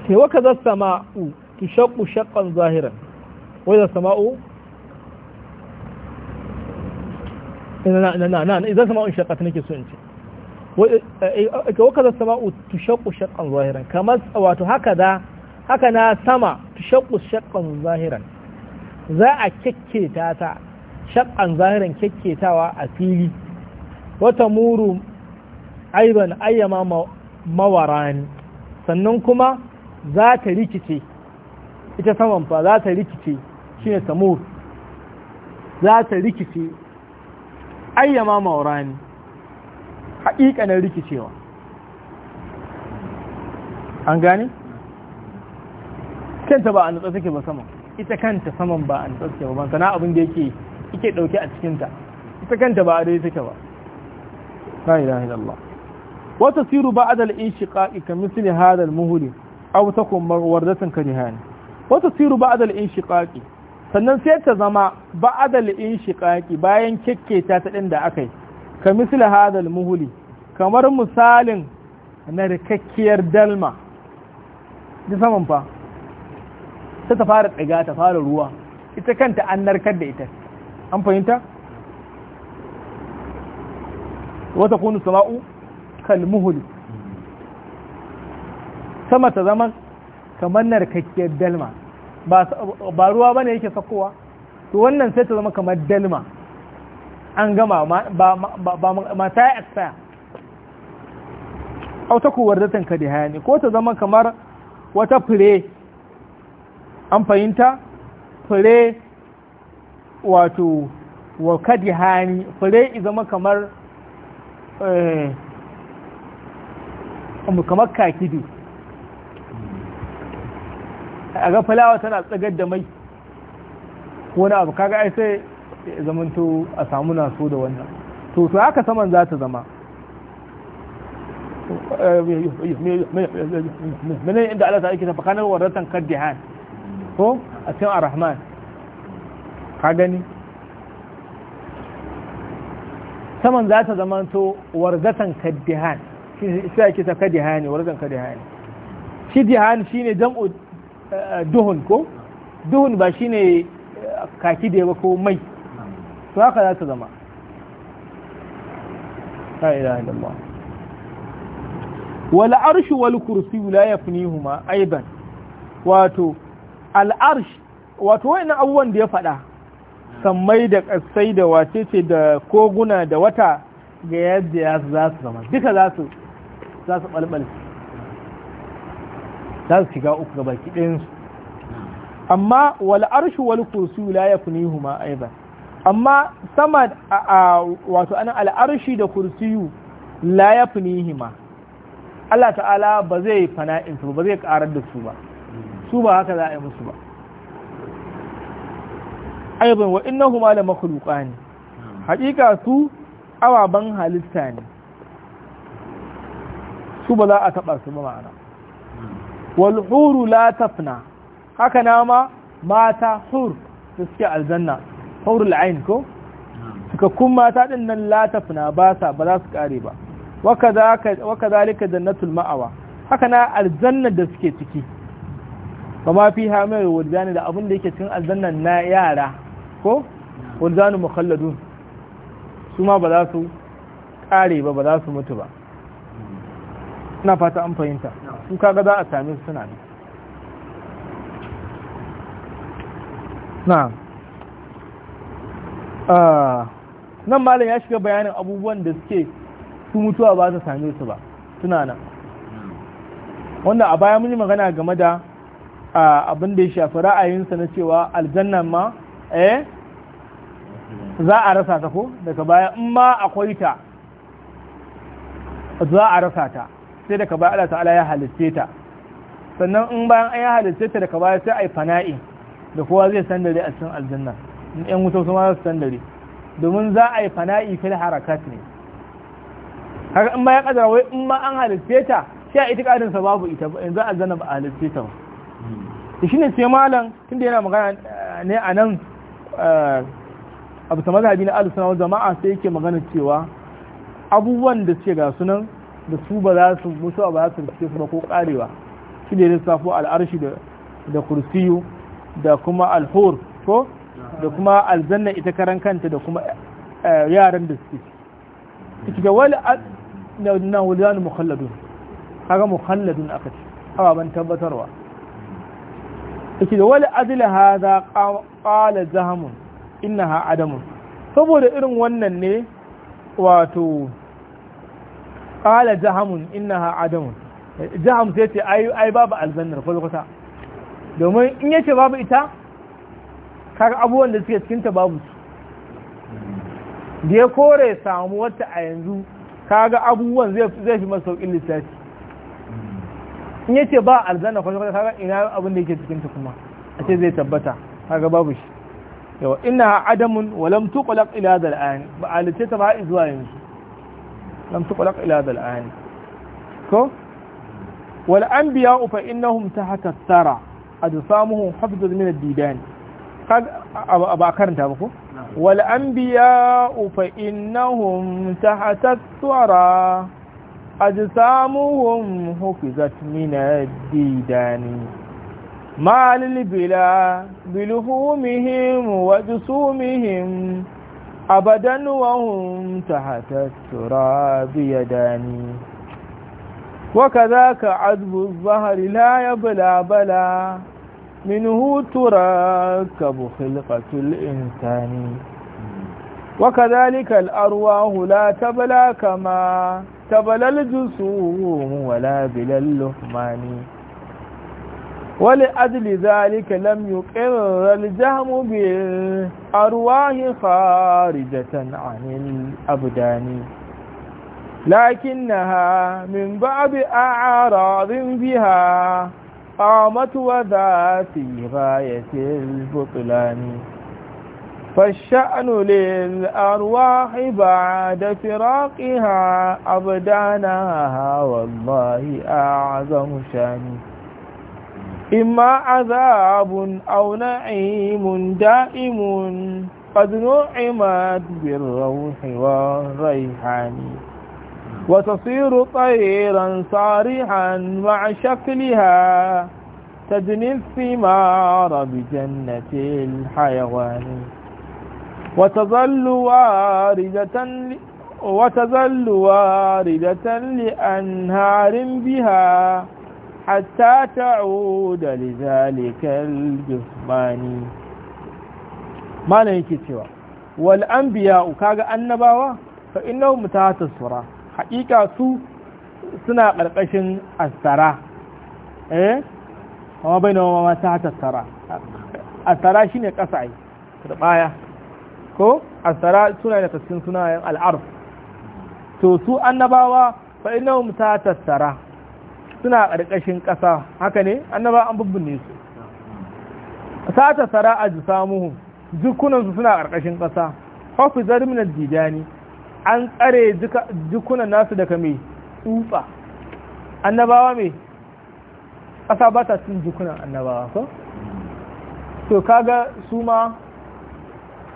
Speaker 1: sai waka za sama'u tushaqqu shaqqan zahiran wai za sama'u idan sama'un shaqqat nake so in ce wa kaza sama'u tushaqqu shaƙan zahiran kamar wato haka da haka na sama tushaqqu shaƙan zahiran za a kekketa ta shaqqan zahiran kekketawa a fili wata muru aiban ayyama mawarani sannan kuma za ta rikice ita saman fa za ta rikice shine samur za ta rikice ayyama maurani haƙiƙanin rikicewa an gane? kanta ba a nutsa suke ba saman ita kanta saman ba a nutsa suke ba ban sana abin da yake ike ɗauke a cikinta ita kanta ba a dai suke ba la ilaha illallah wa tasiru ba'da al-inshiqaqi kamithli hadha al-muhli aw takun wardatan kadihani wa tasiru ba'da al-inshiqaqi sannan sai ta zama ba adal in shiƙaƙi bayan kekke ta ɗin da aka yi ka misali hadal muhuli kamar misalin na rikakkiyar dalma da saman fa ta ta fara ɗiga ta fara ruwa ita kanta an narkar da ita an fahimta? wata kunu sama'u kalmuhuli sama ta zama kamar narkakkiyar dalma ba ruwa ba ne yake sakowa to wannan sai ta zama kamar dalma an gama ba ta yi expire auta kowar zaton ka da ne ko ta zama kamar wata fure an fahimta fure wato wa kadi hani fure i zama kamar eh, kamar kakidu a ga fulawa tana tsagar da mai wani abu kaga ai sai ya zamanto a samu naso da wannan to to haka saman za ta zama mene inda Allah ta yake ta fakanar warratan kaddihan ko a cikin arrahman ka gani saman za ta zama to warzatan kaddihan shi ake ta kaddihani warzatan kaddihani shi dihan shine jam'u duhun ko duhun ba shine eh, kaki da ba ko mai to haka za ta zama wala arshi illallah kursi arshu ya fi la yafnihuma aidan wato al'arshi wato wayannan abubuwan da ya faɗa sammai da ƙasai da wacece da koguna da wata ga yadda za su zama duka za su za su ɓalɓalce za su shiga uku ga baki ɗayansu amma wal arshu wal kursu la yakunihuma aidan amma sama a wato ana al'arshi da kursiyu la yakunihima Allah ta'ala ba zai fana in su ba zai karar da su ba su ba haka za a yi musu ba aidan wa innahuma la makhluqani Hakika su awaban halitta ne su ba za a taɓa su ba ma'ana wal huru la tafna haka na ma mata hur da suke aljanna hurul ain ko kun mata din nan la tafna ba sa ba za su kare ba wa kadhalika jannatul ma'awa haka na aljanna da suke ciki ba ma fi hamar wuljani da abin da yake cikin aljanna na yara ko wuljanu mukhalladun su ma ba za su kare ba ba za su mutu ba ina fata an fahimta su kaga za a same su suna na ah, nan malam ya shiga bayanin abubuwan da suke su mutuwa ba ta same su ba suna nan wanda a baya mun yi magana game da ah, abin da ya shafi ra'ayinsa na cewa aljannan ma eh za a rasa ta ko daga baya in ma akwai ta za a rasa ta sai daga baya Allah ta'ala ya halitta ta sannan in bayan an ya halitta ta daga baya sai ai fana'i da kowa zai san dare a cikin aljanna in ɗan wuta kuma ma za su san dare domin za a yi fana'i fil harakat ne haka in bayan kadara wai in ma an halitta ta sai a itikadin sa babu ita yanzu aljanna ba a halitte ta ba shi ne sai malam tunda yana magana eh, ne a nan abu eh, ta mazhabi na alusuna jama'a sai yake magana cewa abubuwan da suke ga sunan da su ba za su musu ba za su riske su ba ko karewa shi ne lissafo al'arshi da kursiyu da kuma alhur ko da kuma alzanna ita karan kanta da kuma eh, yaran da suke ciki ga wani na wulidanu mukhalladun kaga mukhalladun aka ce ababen tabbatarwa ciki da wani adila ha za kala zahamun inna ha adamun saboda irin wannan ne wato ƙala jahamun ina ha adamun jahamun sai ce ai ai babu aljannar kwalkwata domin in yace babu ita kaga abubuwan da suke cikin ta babu su da ya kore samu wata a yanzu kaga abubuwan zai fi masa saukin lissafi in yace ba aljanna kwalkwata kaga ina abin da yake cikin ta kuma a ce zai tabbata kaga babu shi yawa ha adamun walam tuqlaq ila da ayan ba alice ta ba zuwa yanzu لم تقلق إلى هذا الآن كو والأنبياء فإنهم تحت الثرى أجسامهم حفظ من الديدان قد أبا أكرم تابقوا نعم. والأنبياء فإنهم تحت الثرى أجسامهم حفظت من الديدان ما للبلا بلهومهم وجسومهم أبدا وهم تحت التراب يداني وكذاك عذب الظهر لا يبلى بلا منه تركب خلقة الإنسان وكذلك الأرواح لا تبلى كما تبلى الجسوم ولا بلا اللحمان ولأجل ذلك لم يقر الجهم بالأرواح خارجة عن الأبدان لكنها من باب أعراض بها قامت وذا في غاية البطلان فالشأن للأرواح بعد فراقها أبدانها والله أعظم شانه إما عذاب أو نعيم دائم قد نعمت بالروح والريحان وتصير طيرا صارحا مع شكلها تدني الثمار بجنة الحيوان وتظل واردة وتظل واردة لأنهار بها حتى تعود لذلك الجثمان ما نيكي سوى والأنبياء كاغا النباوة فإنهم متاهات السورة حقيقة سو سنة قلقشن السرة إيه وما بينهم ما تحت السرة السرة شنة قصعي كربايا ko asara suna daga cikin sunayen al'arf to su annabawa fa innahum ta tattara suna ƙarƙashin ƙasa haka ne annaba an bubbune su sata tsara a ji samuhu jikunansu suna ƙarƙashin ƙasa hafi zarminar ne an tsare jikunan nasu daga mai tsutsa annabawa mai ƙasa ba ta cin jikunan annabawa so to kaga su ma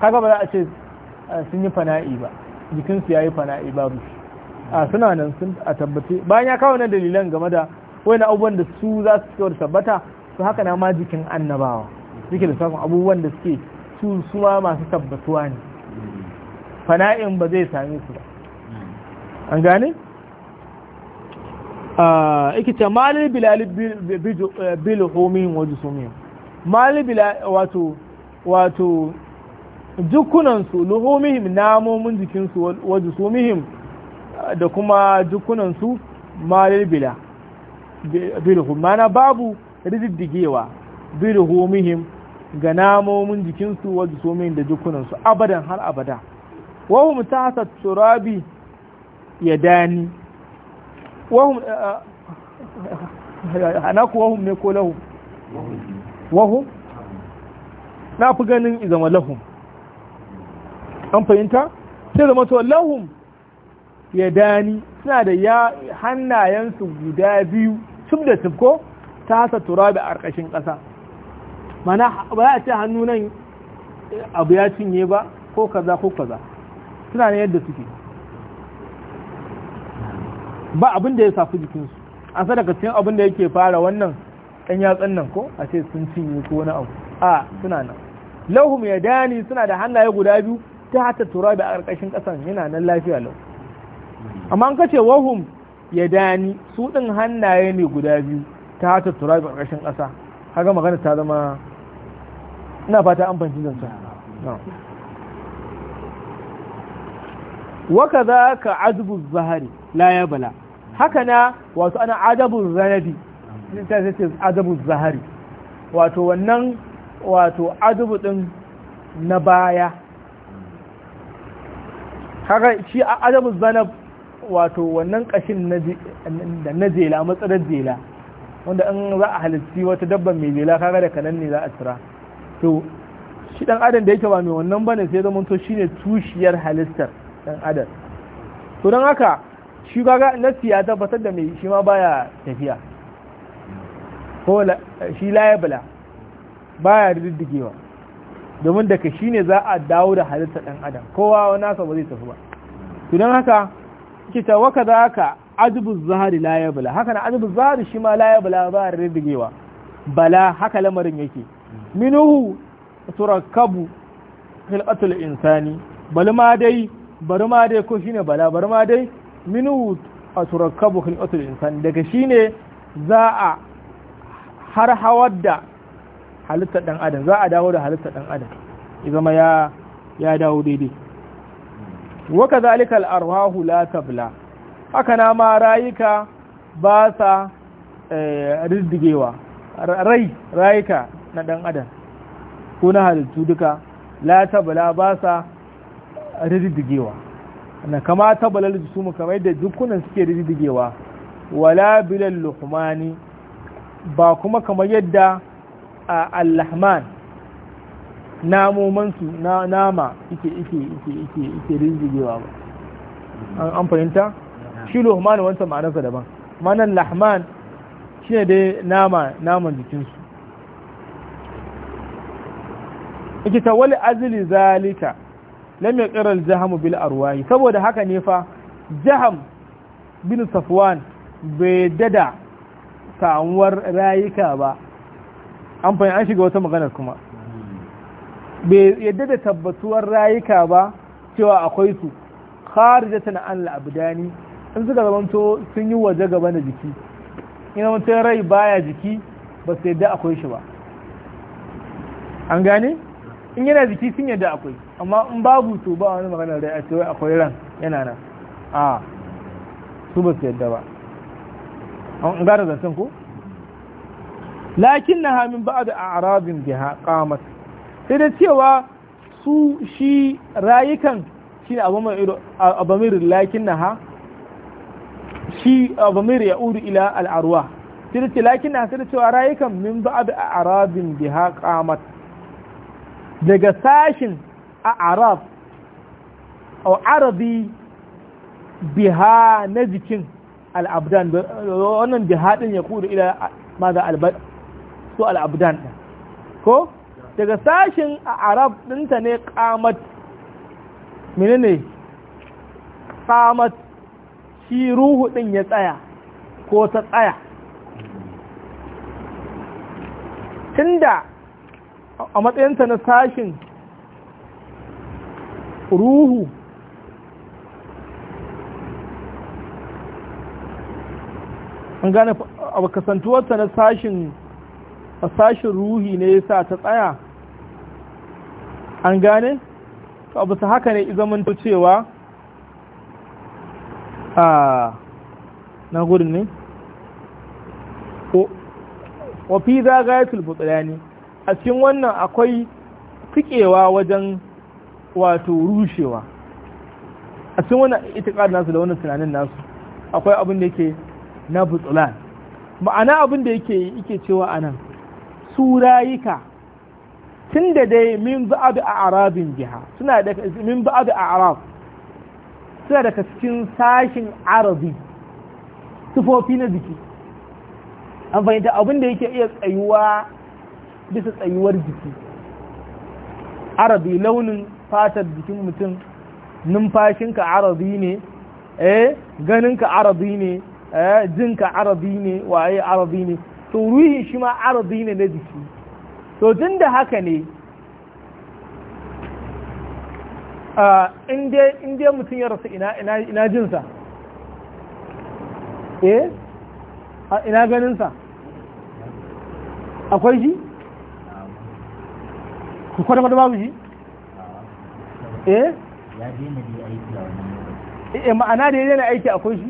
Speaker 1: kaga ba za a ce eh, sun yi fana'i ba jikinsu ya yi fana'i ba babu a suna nan sun a tabbace bayan ya kawo na dalilan game da wani abubuwan da su za su cewa da tabbata su haka na ma jikin annabawa jikin da sakon abubuwan da suke su ma masu tabbatuwa ne fana'in ba zai sami su ba an gane? ikita mali bilali bilhomin wajen sumiya mali bilali wato wato dukkunansu luhomihim namomin jikinsu wajen sumihim da kuma dukunansu malil bila bilhu mana babu bilhu muhim, ga namomin jikinsu wadda somin da dukunansu abadan har abada wahum ta hasa turabi ya dani wahum eh, eh, hanaku wahum ne ko lahum wahum na fi ganin izama lahum an fahimta sai zama to lahum ya dani suna da ya hannayensu guda biyu tub da tub ko ta hasa turabi a ƙarƙashin ƙasa mana ba a ce hannu nan abu ya cinye ba ko kaza ko kaza suna ne yadda suke ba abin da ya safi jikinsu a sadaka cikin abin da yake fara wannan ɗan yatsan nan ko a ce sun cinye ko wani abu a suna nan lahum ya dani suna da hannaye guda biyu ta hata turabi a ƙarƙashin ƙasan yana nan lafiya lau amma an kace wahum ya dani su ɗin hannaye ne guda biyu ta hata turabi ƙarƙashin ƙasa haka magana ta zama ina fata an fahimci zanta waka za ka azubu zahari la ya bala haka na wato ana adabun zanadi ta zace azabu zahari wato wannan wato azubu ɗin na baya haka shi adabun zanab wato wannan kashin da na jela matsalar jela wanda an za a halitti wata dabban mai jela kaga da kanan ne za a tsira to shi dan adam da yake ba mai wannan bane sai zama to shine tushiyar halittar dan adam to don haka shi kaga nasi ya tabbatar da mai shi ma baya tafiya ko shi laye bala baya diddigewa domin daga shi ne za a dawo da halittar dan adam kowa wani nasa ba zai tafi ba to don haka kita waka za ka adubu zahari la ya bala haka na adubu zahari shi ma la ya bala ba a rindigewa bala haka lamarin yake minuhu turakabu khilqatul insani bal ma dai bari ma dai ko shine bala bari ma dai minuhu turakabu khilqatul insani daga shine za a har hawar da halittar dan adam za a dawo da halittar dan adam ya zama ya dawo daidai waka zalikal arwahu la tabla haka na ma rayuka ba sa eh, rai rayuka na dan adam ko na halittu duka la tabla ba sa riddigewa na kama tabla jisumu kamar da dukkanin suke ridigewa. wala bilal luhmani ba kuma kamar yadda a allahman namomansu na nama ike ike ike ike ike rinjigewa ba an an fahimta shi lohman wancan ma'anarsa daban manan lahman shi ne dai nama naman jikinsu ike ta wani azili zalika lam yaqra al jaham bil arwayi. saboda haka ne fa jaham bin safwan bai dada samuwar rayuka ba an fahimta an shiga wata maganar kuma bai yadda da tabbatuwar rayuka ba cewa akwai su har tana an la'abdani in suka zamanto sun yi waje gaba na jiki ina mutum rai baya jiki ba su yadda akwai shi ba an gane in yana jiki sun yadda akwai amma in babu to ba wani maganar rai a cewa akwai ran yana nan a su ba su yadda ba an gane zancen ko lakin na hamin ba da a arabin jiha kamata sai da cewa su shi rayukan shi ne abamir lakin na ha shi abamir ya uru ila al'arwa sai da ce lakin na sai da cewa rayukan min ba abu a arabin biha kamat daga sashin a arab a arabi biha na jikin al'abdan wannan biha ɗin ya kudu ila ma da al'abdan ko daga sashin a arab ɗinta ne ƙamat mini ne ƙamat shi ruhu ɗin ya tsaya ko ta tsaya tunda a matsayinta na sashin ruhu an gane abu kasantuwarta na sashin a sashin ruhi ne ya sa ta tsaya an gane Ka abu su haka ne izamin to cewa a na gudun ne wafi zagayatul ne a cikin wannan akwai fikewa wajen wato rushewa a cikin wannan ita itikad nasu da wannan tunanin nasu akwai abin da yake na butsulan. ma'ana abin da yake yake cewa anan su tun da dai min ba'ad a arabin jiha suna da min ba'ad a arab suna da cikin sashin arabi sufofi na jiki an fahimta abin da yake iya tsayuwa bisa tsayuwar jiki arabi launin fatar jikin mutum numfashinka arabi ne eh ganinka arabi ne eh jinka arabi ne waye arabi ne to ruhin shi ma ne na jiki to din da haka ne in dai mutum ya rasu ina jinsa eh ina ganinsa akwai shi? ku kwata-kwata babu shi? eh?
Speaker 2: ya daina da aiki a wani
Speaker 1: eh, ma'ana da ya daina aiki akwai shi?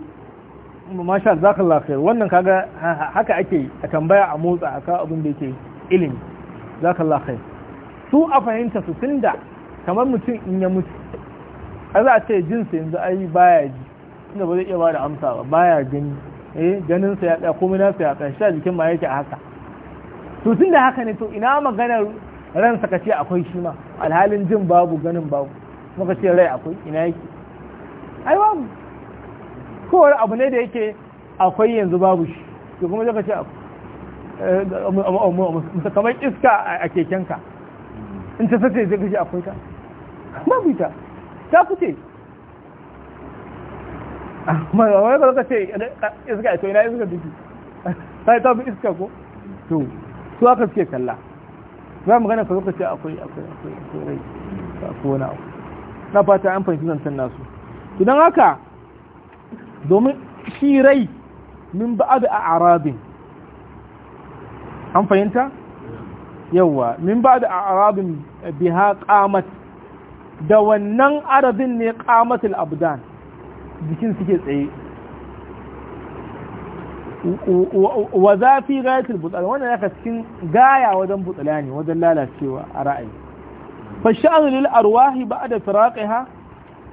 Speaker 1: masha ka khair wannan kaga haka ake a tambaya a motsa a ka abin da yake ilimi za ka khair su a fahimta su tunda kamar mutum in ya mutu a za a ce jinsa yanzu ai baya ji inda ba zai iya bada amsa ba baya gani eh ganin sa ya tsaya komai na sa ya tsaya shi jikin ma yake a haka to da haka ne to ina maganar ransa ka ce akwai shi ma alhalin jin babu ganin babu muka ce rai akwai ina yake ai babu kowar abu ne da yake akwai yanzu babu shi to kuma zaka ce kamar iska a kekenka in ta sace zai gaji akwai ta babu ta ta fice kuma wani ka zaka ce iska a to na iska duki ta ta bi iska ko to su aka suke kalla za mu gane ka ce akwai akwai akwai akwai akwai akwai akwai akwai na fata an akwai akwai nasu idan akwai haka domin shi rai min a a'rabin an fahimta yawa min ba a a'rabin biha qamat da wannan arabin ne qamatul abdan jikin suke tsaye wa zafi gayatul butsala wannan yaka cikin gaya wajen butsala ne wajen lalacewa a ra'ayi fa sha'anul arwahi ba'da ha.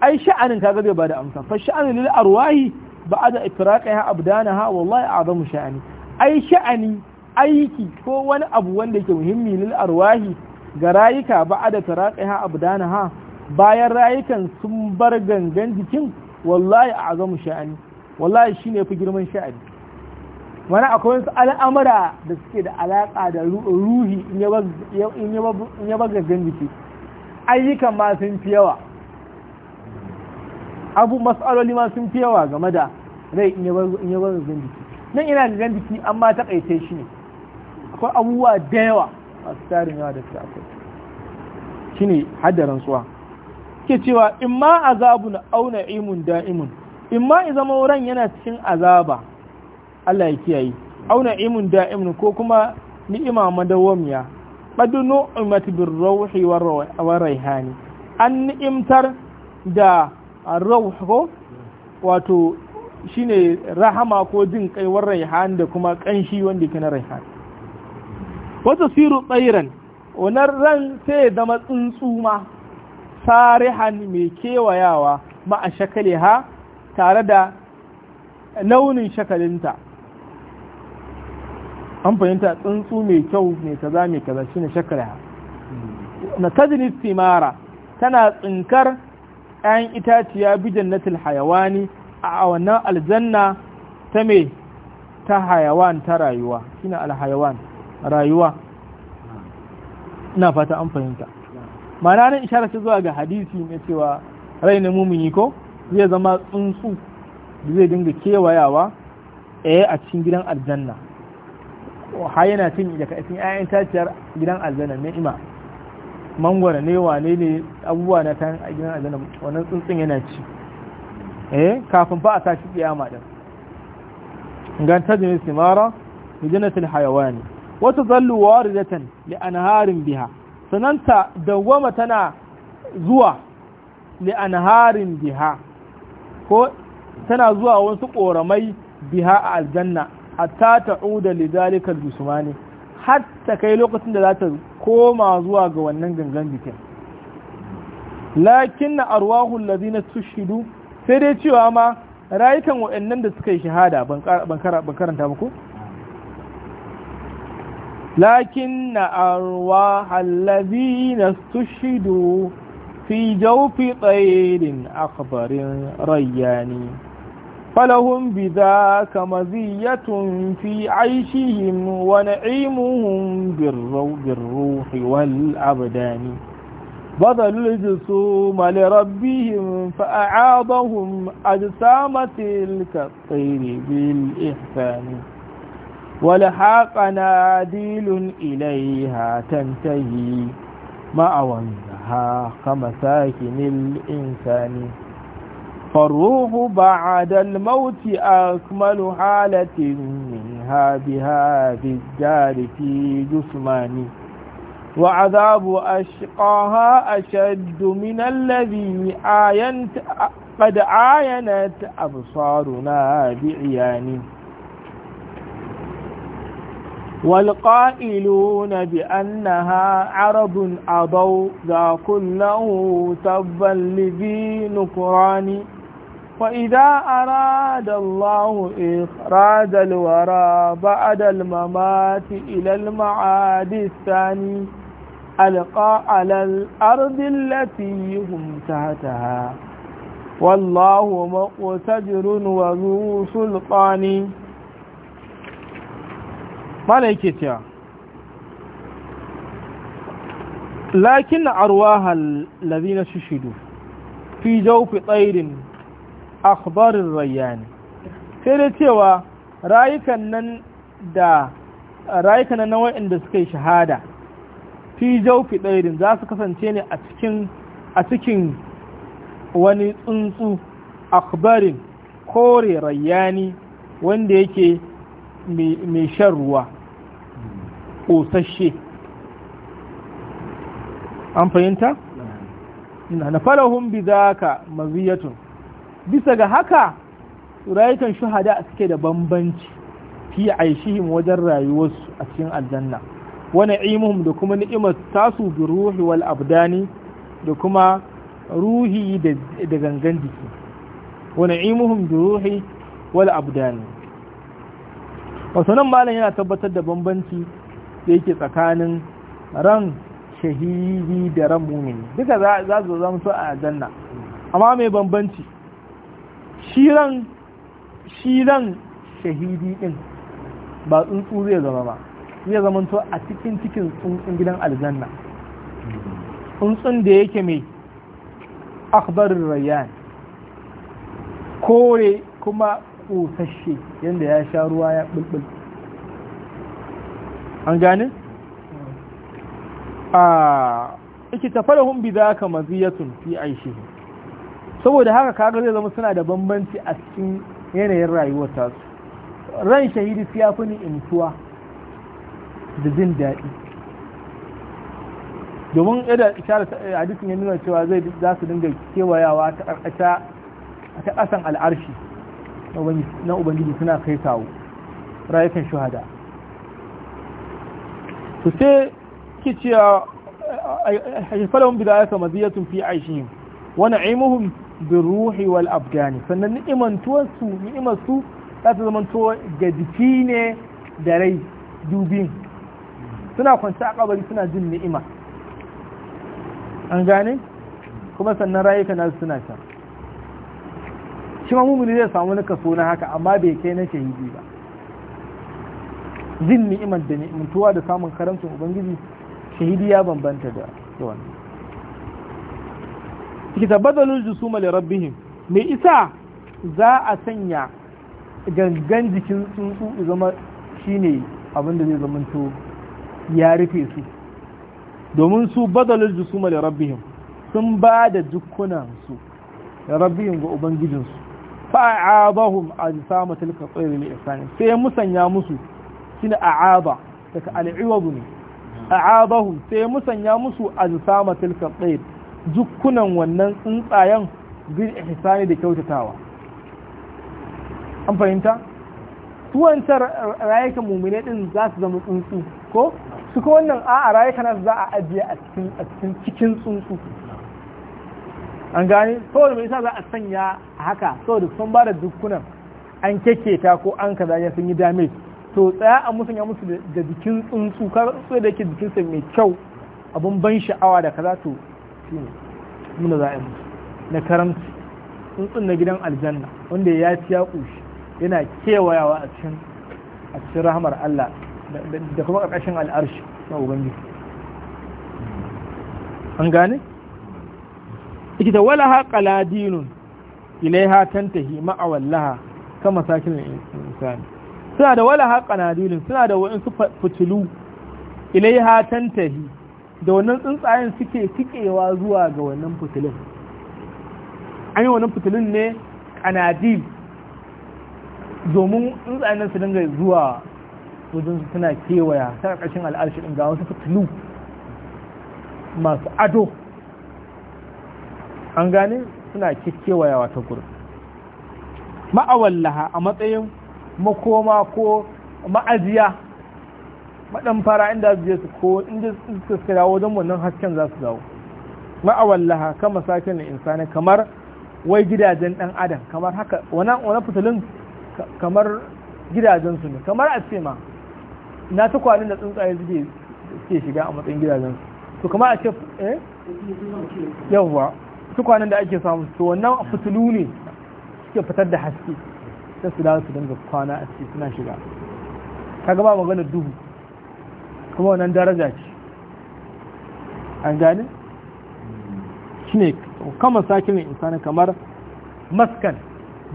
Speaker 1: ai sha'anin kaga zai bada amsa fa sha'anin lil arwahi ba'da ifraqiha abdanaha wallahi a'zamu sha'ani ai sha'ani aiki ko wani abu wanda yake muhimmi lil arwahi ga rayuka ba'da taraqiha abdanaha bayan rayukan sun bar gangan jikin wallahi a'zamu sha'ani wallahi shine fi girman sha'ani wani akwai wasu al'amura da suke da alaƙa da ruhi in ya ba gangan jiki ayyukan ma sun fi yawa abu mas'aloli ma sun fi yawa game da rai in ya bar jiki nan ina zan jiki amma ta kaice shi ne akwai abubuwa da yawa masu tarin yawa da suka akwai shi ne haddaran suwa ke cewa in ma azabun auna imun da'imun in ma zama wuran yana cikin azaba Allah ya kiyaye auna imun da'imun ko kuma ni'ima madawwamiya badu nu'mat bir rawhi war rayhani an ni'imtar da arrauh ko wato shine rahama ko jin kaiwar raihan da kuma kanshi wanda ke na raihan wata siru tsairan wannan ran sai da matsuntsu ma sarihan mai kewayawa ma a ha tare da launin shakalinta an fahimta tsuntsu mai kyau mai kaza mai kaza shine shakaliha na tajini simara tana tsinkar ‘ya'yan itaciya bi jannatul hayawani a wannan aljanna ta mai ta hayawan ta rayuwa shine alhayawan rayuwa na fata an fahimta mana nan isharar ta zuwa ga hadisi na cewa rai na mumini ko zai zama tsuntsu zai dinga kewayawa eh a cikin gidan aljanna har yana cin daga cikin 'ya'yan taciyar gidan aljanna ne ima mangwara ne wane ne abubuwa na tan a gidan aljanna wannan tsuntsun yana ci eh kafin fa a tashi kiyama din gan tajin simara bi hayawani wa tadallu waridatan li anharin biha sananta dawwama tana zuwa li anharin biha ko tana zuwa wasu koramai biha a aljanna hatta ta'uda li al-jusmani har ta kai lokacin da za ta koma zuwa ga wannan gangan jikin lakin na arwahun lazina tushidu sai dai cewa ma rayukan waɗannan da suka yi shahada ban karanta muku lakin na arwahun lazina tushidu fi jaufi tsayirin akbarin rayyani فلهم بذاك مزية في عيشهم ونعيمهم بالروح والأبدان بذل الجسوم لربهم فأعاضهم أجسام تلك الطير بالإحسان ولحاق ناديل إليها تنتهي ما الزهاق كمساكن الإنسان فالروح بعد الموت أكمل حالة منها بها الدار في جسماني وعذاب أشقاها أشد من الذي آينت قد عاينت أبصارنا بعيان والقائلون بأنها عرب أضوء ذا كله تبا لذي نكران فإذا أراد الله إخراج الورى بعد الممات إلى المعاد الثاني ألقى على الأرض التي هم تحتها والله مقتدر وذو سلطان ملكتها لكن أرواها الذين ششدوا في جوف طير akhbarin rayyani sai dai cewa rayukan nan da rayukan nan waɗanda suka yi shahada fi jaufi ɗairin za su kasance ne a cikin a cikin wani tsuntsu akhbarin kore rayyani wanda yake mai shan ruwa ƙosashe an fahimta? na falahun bi za ka maziyatun bisa ga haka rayukan shuhada suke da bambanci fi aishihim wajen rayuwarsu a cikin aljanna wa na'imuhum da kuma ni'imar tasu bi ruhi wal abdani da kuma ruhi da gangan jiki wa na'imuhum bi ruhi wal abdani Wasu nan malam yana tabbatar da bambanci da yake tsakanin ran shahidi da ran mumini duka za su zama so a aljanna amma mai bambanci shiran shiran shahidi din ba tsuntsu zai zama ba zai zama to a cikin cikin tsuntsun gidan aljanna tsuntsun da yake mai akbarin rayyan kore kuma kusashe yadda ya sha ruwa ya bulbul an gane? a ah, ikita farahun bi za ka maziyatun fi aishi saboda haka kaga zai zama suna da bambanci a cikin yanayin rayuwar tasu ran shahidi ya fi ni'imtuwa da jin daɗi domin yadda a eh, hadisin ya nuna cewa zai za su dinga kewayawa ta ƙasan al'arshi na ubangiji suna kai kawo rayukan shuhada su sai ki cewa a eh, haifalahun eh, bidaya kamar ziyatun fi aishihim wani aimuhun bin ruhi wal abdani sannan ni'imantuwarsu za ta zama tuwa ga jiki ne da rai dubin suna kwanci a kabari suna jin ni'ima an gane kuma sannan rayuka na suna can shi ma mummuni zai samu wani kaso na haka amma bai kai na shahidi ba jin ni'imar da ni'imtuwa da samun karamcin ubangiji shahidi ya bambanta da wannan tabbatalul jusuma li rabbihim me isa za a sanya gangan jikin tsuntsu zama shine abin da zai zamanto ya rufe su domin su badalul jusuma li rabbihim sun ba da dukkunan su da rabbihim ga ubangijinsu fa'abahum sama tilka tsayri li ihsani sai musanya musu shine a'aba daga al'iwab ne a'abahum sai musanya musu sama tilka tsayri jukunan wannan tsuntsayen bin ihsani da kyautatawa an fahimta su wancan rayuka din za su zama tsuntsu ko su ko wannan a a nasu za a ajiye a cikin cikin tsuntsu an gane saboda mai yasa za a sanya haka saboda sun ba da dukkunan an keketa ko an kaza ya sun yi damage to tsaya a musanya musu da jikin tsuntsu kar tsuntsu da yake jikinsa mai kyau abun ban sha'awa da kaza to nuna za a na karamci tsuntsun na gidan aljanna wanda ya ci ya ƙushi yana kewayawa a cikin a cikin rahamar Allah da kuma ƙarƙashin al'arshi na ubangiji an gane ikita wala haƙa ladinun ha tantahi ma'awallaha kama sakin insani suna da wala haƙa ladinun suna da wa'insu fitilu ha tantahi da wannan tsuntsayen suke tikewa zuwa ga wannan fitilin an yi wannan fitilin ne kanadil domin tsuntsayen su dinga zuwa wajen su tana kewaya ta ƙarƙashin al'arshi ga wasu fitilu masu ado an gane suna kewayawa wata gurin ma'awallaha a matsayin makoma ko ma'ajiya madan fara inda su su ko inda suka dawo don wannan hasken za su dawo ma'awallaha kama na insani kamar wai gidajen dan adam kamar haka wannan wannan fitilin kamar gidajen su ne kamar a ce ma na ta kwanin da tsuntsaye suke suke shiga a matsayin gidajen su to kamar a ce eh yawwa tukwanen da ake samu to wannan fitilu ne suke fitar da haske sai su dawo su dinga kwana a ciki suna shiga kaga ba magana duhu kuma wannan daraja ce an gani? shi ne kama sakinin insani kamar maskan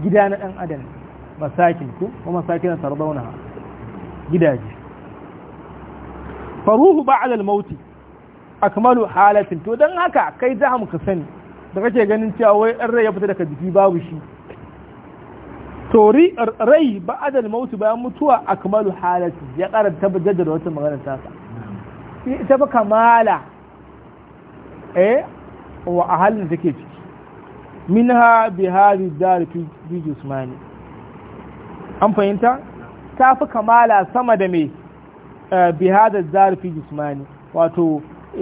Speaker 1: gida na ɗan adam masakin ko kuma sakinan tarzauna gidaje faruhu ba alal mauti akmalu halatin to don haka kai jaham ka sani da kake ganin cewa wai ɗan rai ya fita daga jiki babu shi to rai ba adal mautu bayan mutuwa kamalu halatu ya ƙara tabbatar da wata magana sa. ita ba kamala eh wa a halin take ciki minha bihari dari fi jismani an fahimta ta fi kamala sama da mai eh, hada dari fi jismani wato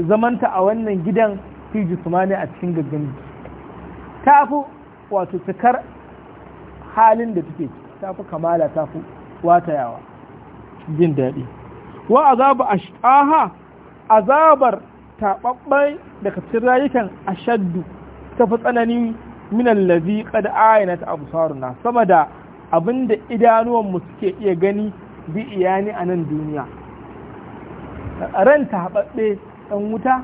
Speaker 1: zamanta a wannan gidan fi jismani a cikin gaggani ta fi wato cikar halin da take ta fi kamala ta fi watayawa jin daɗi wa azabu ashqaha azabar tababbai daga cikin rayukan ashaddu ta fi tsanani min allazi qad ayanat absaruna sama da abinda idanuwan mu suke iya gani bi iyani a nan duniya ran tababbe ɗan wuta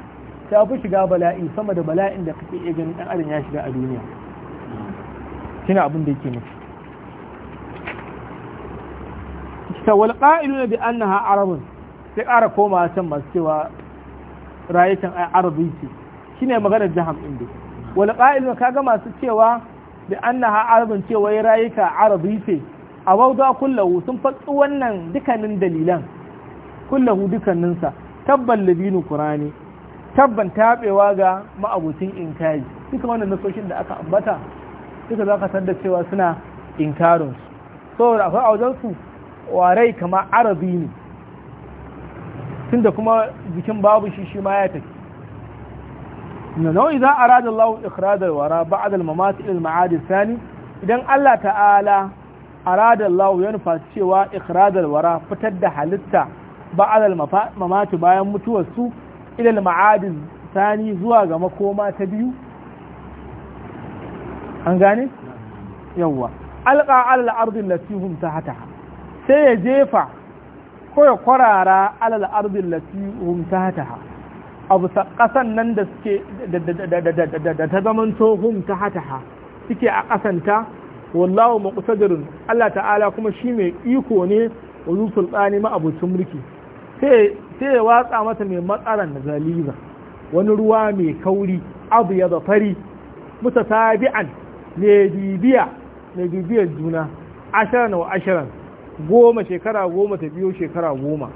Speaker 1: ta fi shiga bala'i sama da bala'in da kake iya gani dan adam ya shiga a duniya kina abin da yake nufi ta walƙa'iluna bi annaha arabun sai ƙara koma can masu cewa rayukan arabi ce shine maganar jihar inda walƙa'iluna kaga masu cewa bi annaha arabun cewa ya rayuka arabi ce a bauta kullahu sun fatsu wannan dukkanin dalilan kullahu dukkaninsa tabban labinu kurani tabban taɓewa ga ma'abucin inkari duka wannan nasoshin da aka ambata duka za ka san cewa suna inkarinsu saboda akwai a wajensu warai kamar arabi ne tunda kuma jikin babu shi shi ma ya tafi nau'i za a radar lahu ikradar wara ba'ad al-mamati il ma'adi sani idan Allah ta'ala aradar lahu ya nufa cewa ikradar wara fitar da halitta ba'ad al-mamati bayan mutuwarsu ilal ma'adi sani zuwa ga makoma ta biyu an gane yawwa alqa ala al-ardi allati hum sai ya jefa ko ya kwarara alal ardin lati ha abu kasan nan da suke da ta ta ha suke a kasanta wallahu muqtadirun Allah ta'ala kuma shi mai iko ne wa zulfulqani ma abucin mulki sai ya watsa mata mai matsaran da zaliza wani ruwa mai kauri abu ya zafari musa mai bibiya juna ashirin wa ashirin goma shekara goma ta biyo shekara goma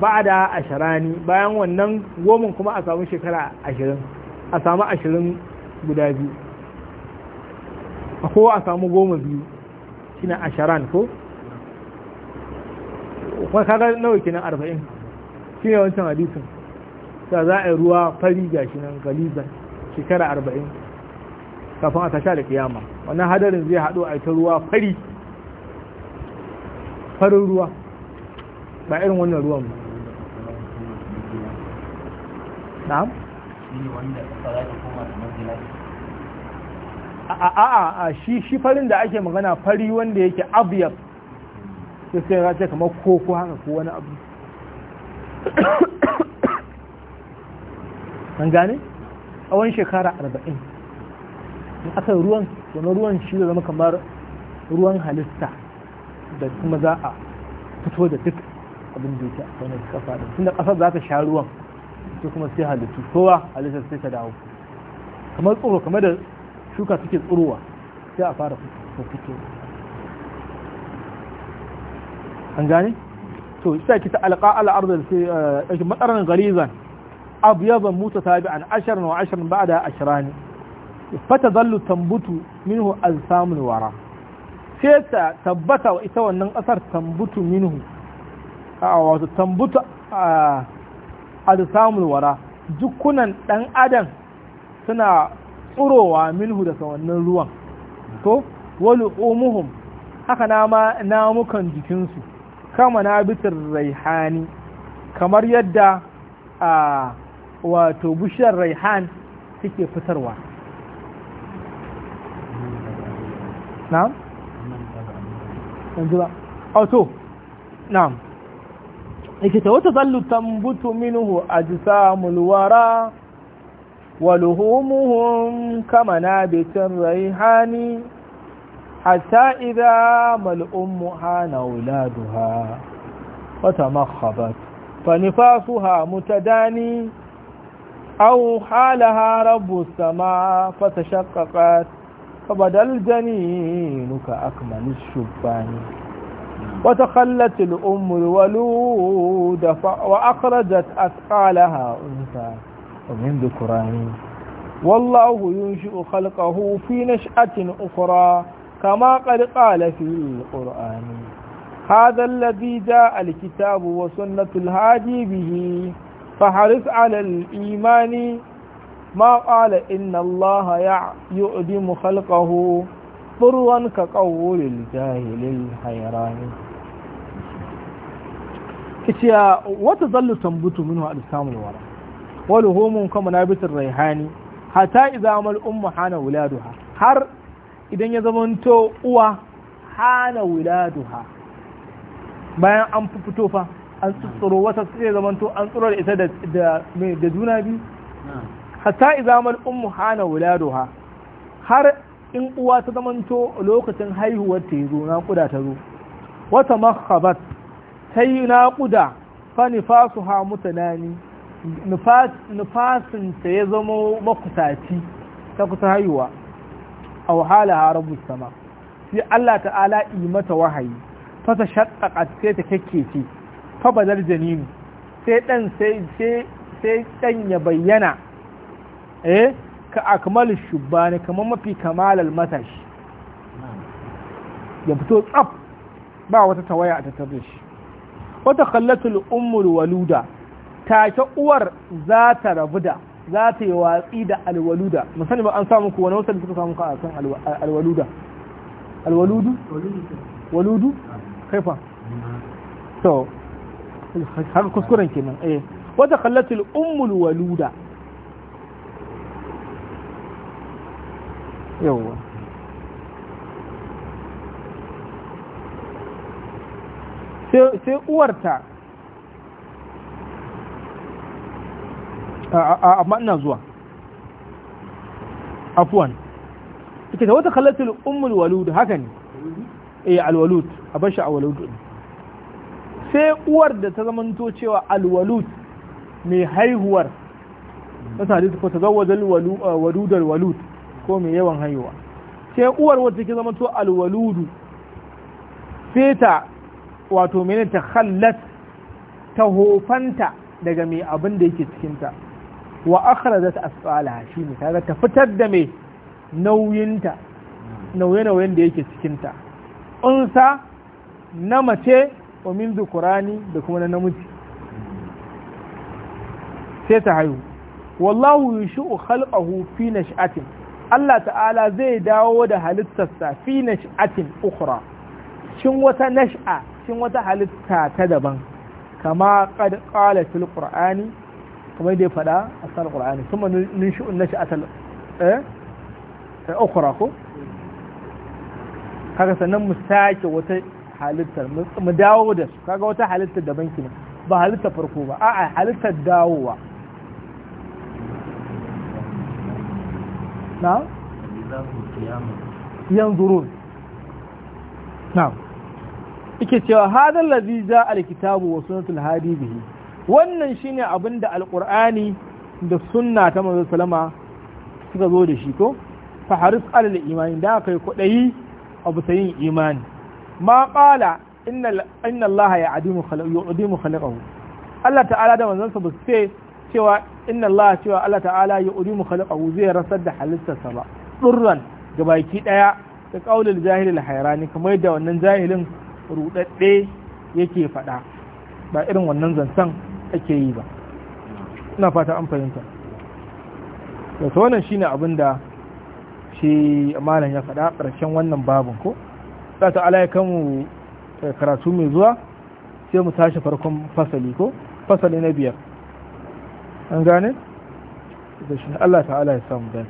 Speaker 1: ba da ne bayan wannan goma kuma a samu shekara ashirin a samu ashirin guda biyu a ko a samu goma biyu shi shine ashiran ko kuma kaga nawa nan arba'in shi ne wancan hadisun ta za a yi ruwa fari ga shi nan galizan shekara arba'in kafin a tasha da kiyama wannan hadarin zai haɗo a ita ruwa fari farin ruwa ba irin wannan ruwan ba na'am a'a shi shi farin da ake magana fari wanda yake abiyar sai sai ya ce kamar koko haka ko wani abu an gane tsawon shekara arba'in in aka ruwan wani ruwan shi zama kamar ruwan halitta da kuma za a fito da duk abin da yake a wani kasa da tunda kasar za ta sha ruwan to kuma sai halittu kowa halittar sai ta dawo kamar tsoro kamar da shuka suke tsorowa sai a fara fito an gane to sai kita alqa ala ardh sai mataran ghalizan abyadan mutatabi'an 10 wa 10 ba'da 20 فتظل تنبت منه أجسام الورى sai ta tabbata wa ita wannan ƙasar tambutu minhu a wato tambutu a samun wara ɗan adam suna tsurowa minhu da wannan ruwan to wani umuhun haka nama namukan jikinsu kama na bitin raihani kamar yadda a wato bishiyar raihan take fitarwa na'am yanzu ba auto oh, na'am yake wata zallu tambutu minhu ajsamul wara wa luhumuhum kama nabitin raihani hatta idha mal ummu hana uladuha wa tamakhabat fa nifasuha mutadani aw halaha rabbu sama fatashaqqaqat فبدا الجنين كأكمل الشبان وتخلت الأم الولود وأخرجت أثقالها أنثى ومن ذكران والله ينشئ خلقه في نشأة أخرى كما قد قال في القرآن هذا الذي جاء الكتاب وسنة الهادي به فحرص على الإيمان ما قال إن الله يؤدم خلقه بروا كقول الجاهل الحيران إتيا وتظل تنبت منه أجسام الورى ولهوم كمنابت الريحاني حتى إذا ما الأم حان ولادها har idan ya zamanto uwa hana wuladuha bayan an fito fa an tsoro wata sai zamanto an tsoro da ita da juna biyu hatta izamar ummu hana wuladuha har in uwa ta zamanto lokacin haihuwar ta zo kuda ta zo wata makhabat ta yi kuda fa nifasu ha mutanani nifasin ta ya zama makusaci ta kusa haihuwa a wahala harabu sama sai Allah ta'ala yi mata wahayi fa ta shaqqaqat sai ta kekkece fa badal janinu sai dan sai dan ya bayyana eh ka akmalu Shubbani kamar mafi kamalar matashi ya fito tsaf ba wata tawaya a tattare shi wata kallatul ummul waluda take uwar za ta rabu da za ta yi watsi da alwaluda musamman ba an samu ku wani wasu da suka samu ka a kan alwaluda alwaludu waludu kaifa to haka kuskuren kenan eh wata kallatul ummul waluda yawwa sai uwarta amma ina zuwa afuwan ita ta wata kallatul ummul walud haka ne eh alwalud a bashi alwalud sai uwar da ta zamanto cewa alwalud mai haihuwar ta sadi ta tazawwaja alwalud eh, walud ko mai yawan haihuwa sai uwar wata ke zama to alwaludu sai wato mai ta khallat ta hofanta daga mai abin da yake cikinta wa akhrajat asqalaha shi kaga ta fitar da mai nauyinta nauye-nauyen da yake cikinta unsa na mace wa min zukurani da kuma na namiji sai ta haihu wallahu yushu khalqahu fi nash'atin Allah ta'ala zai dawo da halittarsa fi nash'atin ukhra shin wata nash'a cin wata halitta ta daban kama qad qala fil qur'ani kuma dai ya faɗa a cikin qur'ani kuma nunshu'un nash'atal eh, eh ukhra ko kaga sannan mu sake wata halittar mu dawo da su kaga wata halittar daban kina ba halittar farko ba a'a halittar dawowa na yanzurun na ike cewa hadar lazi za alkitabu wa sunatul hadi bihi wannan shine abinda da alƙur'ani da sunna ta manzo salama suka zo da shi ko fa haris alal imani da kai kudayi abu sayin imani ma qala inna inna allaha ya'dimu khalaqahu Allah ta'ala da manzon sa ba su ce cewa inna Allah cewa Allah ta'ala ya urimu khalqahu zai rasar da halittarsa ba durran gabaki daya da qaulul jahilil hayrani kamar da wannan jahilin rudadde yake fada ba irin wannan zantan ake yi ba ina fata an fahimta to to wannan shine abin da shi malam ya fada karshen wannan babun ko Allah ta'ala ya kamu eh, karatu mai zuwa sai mu tashi farkon fasali ko fasali na biyar an gane? Allah ta'ala ya samu gani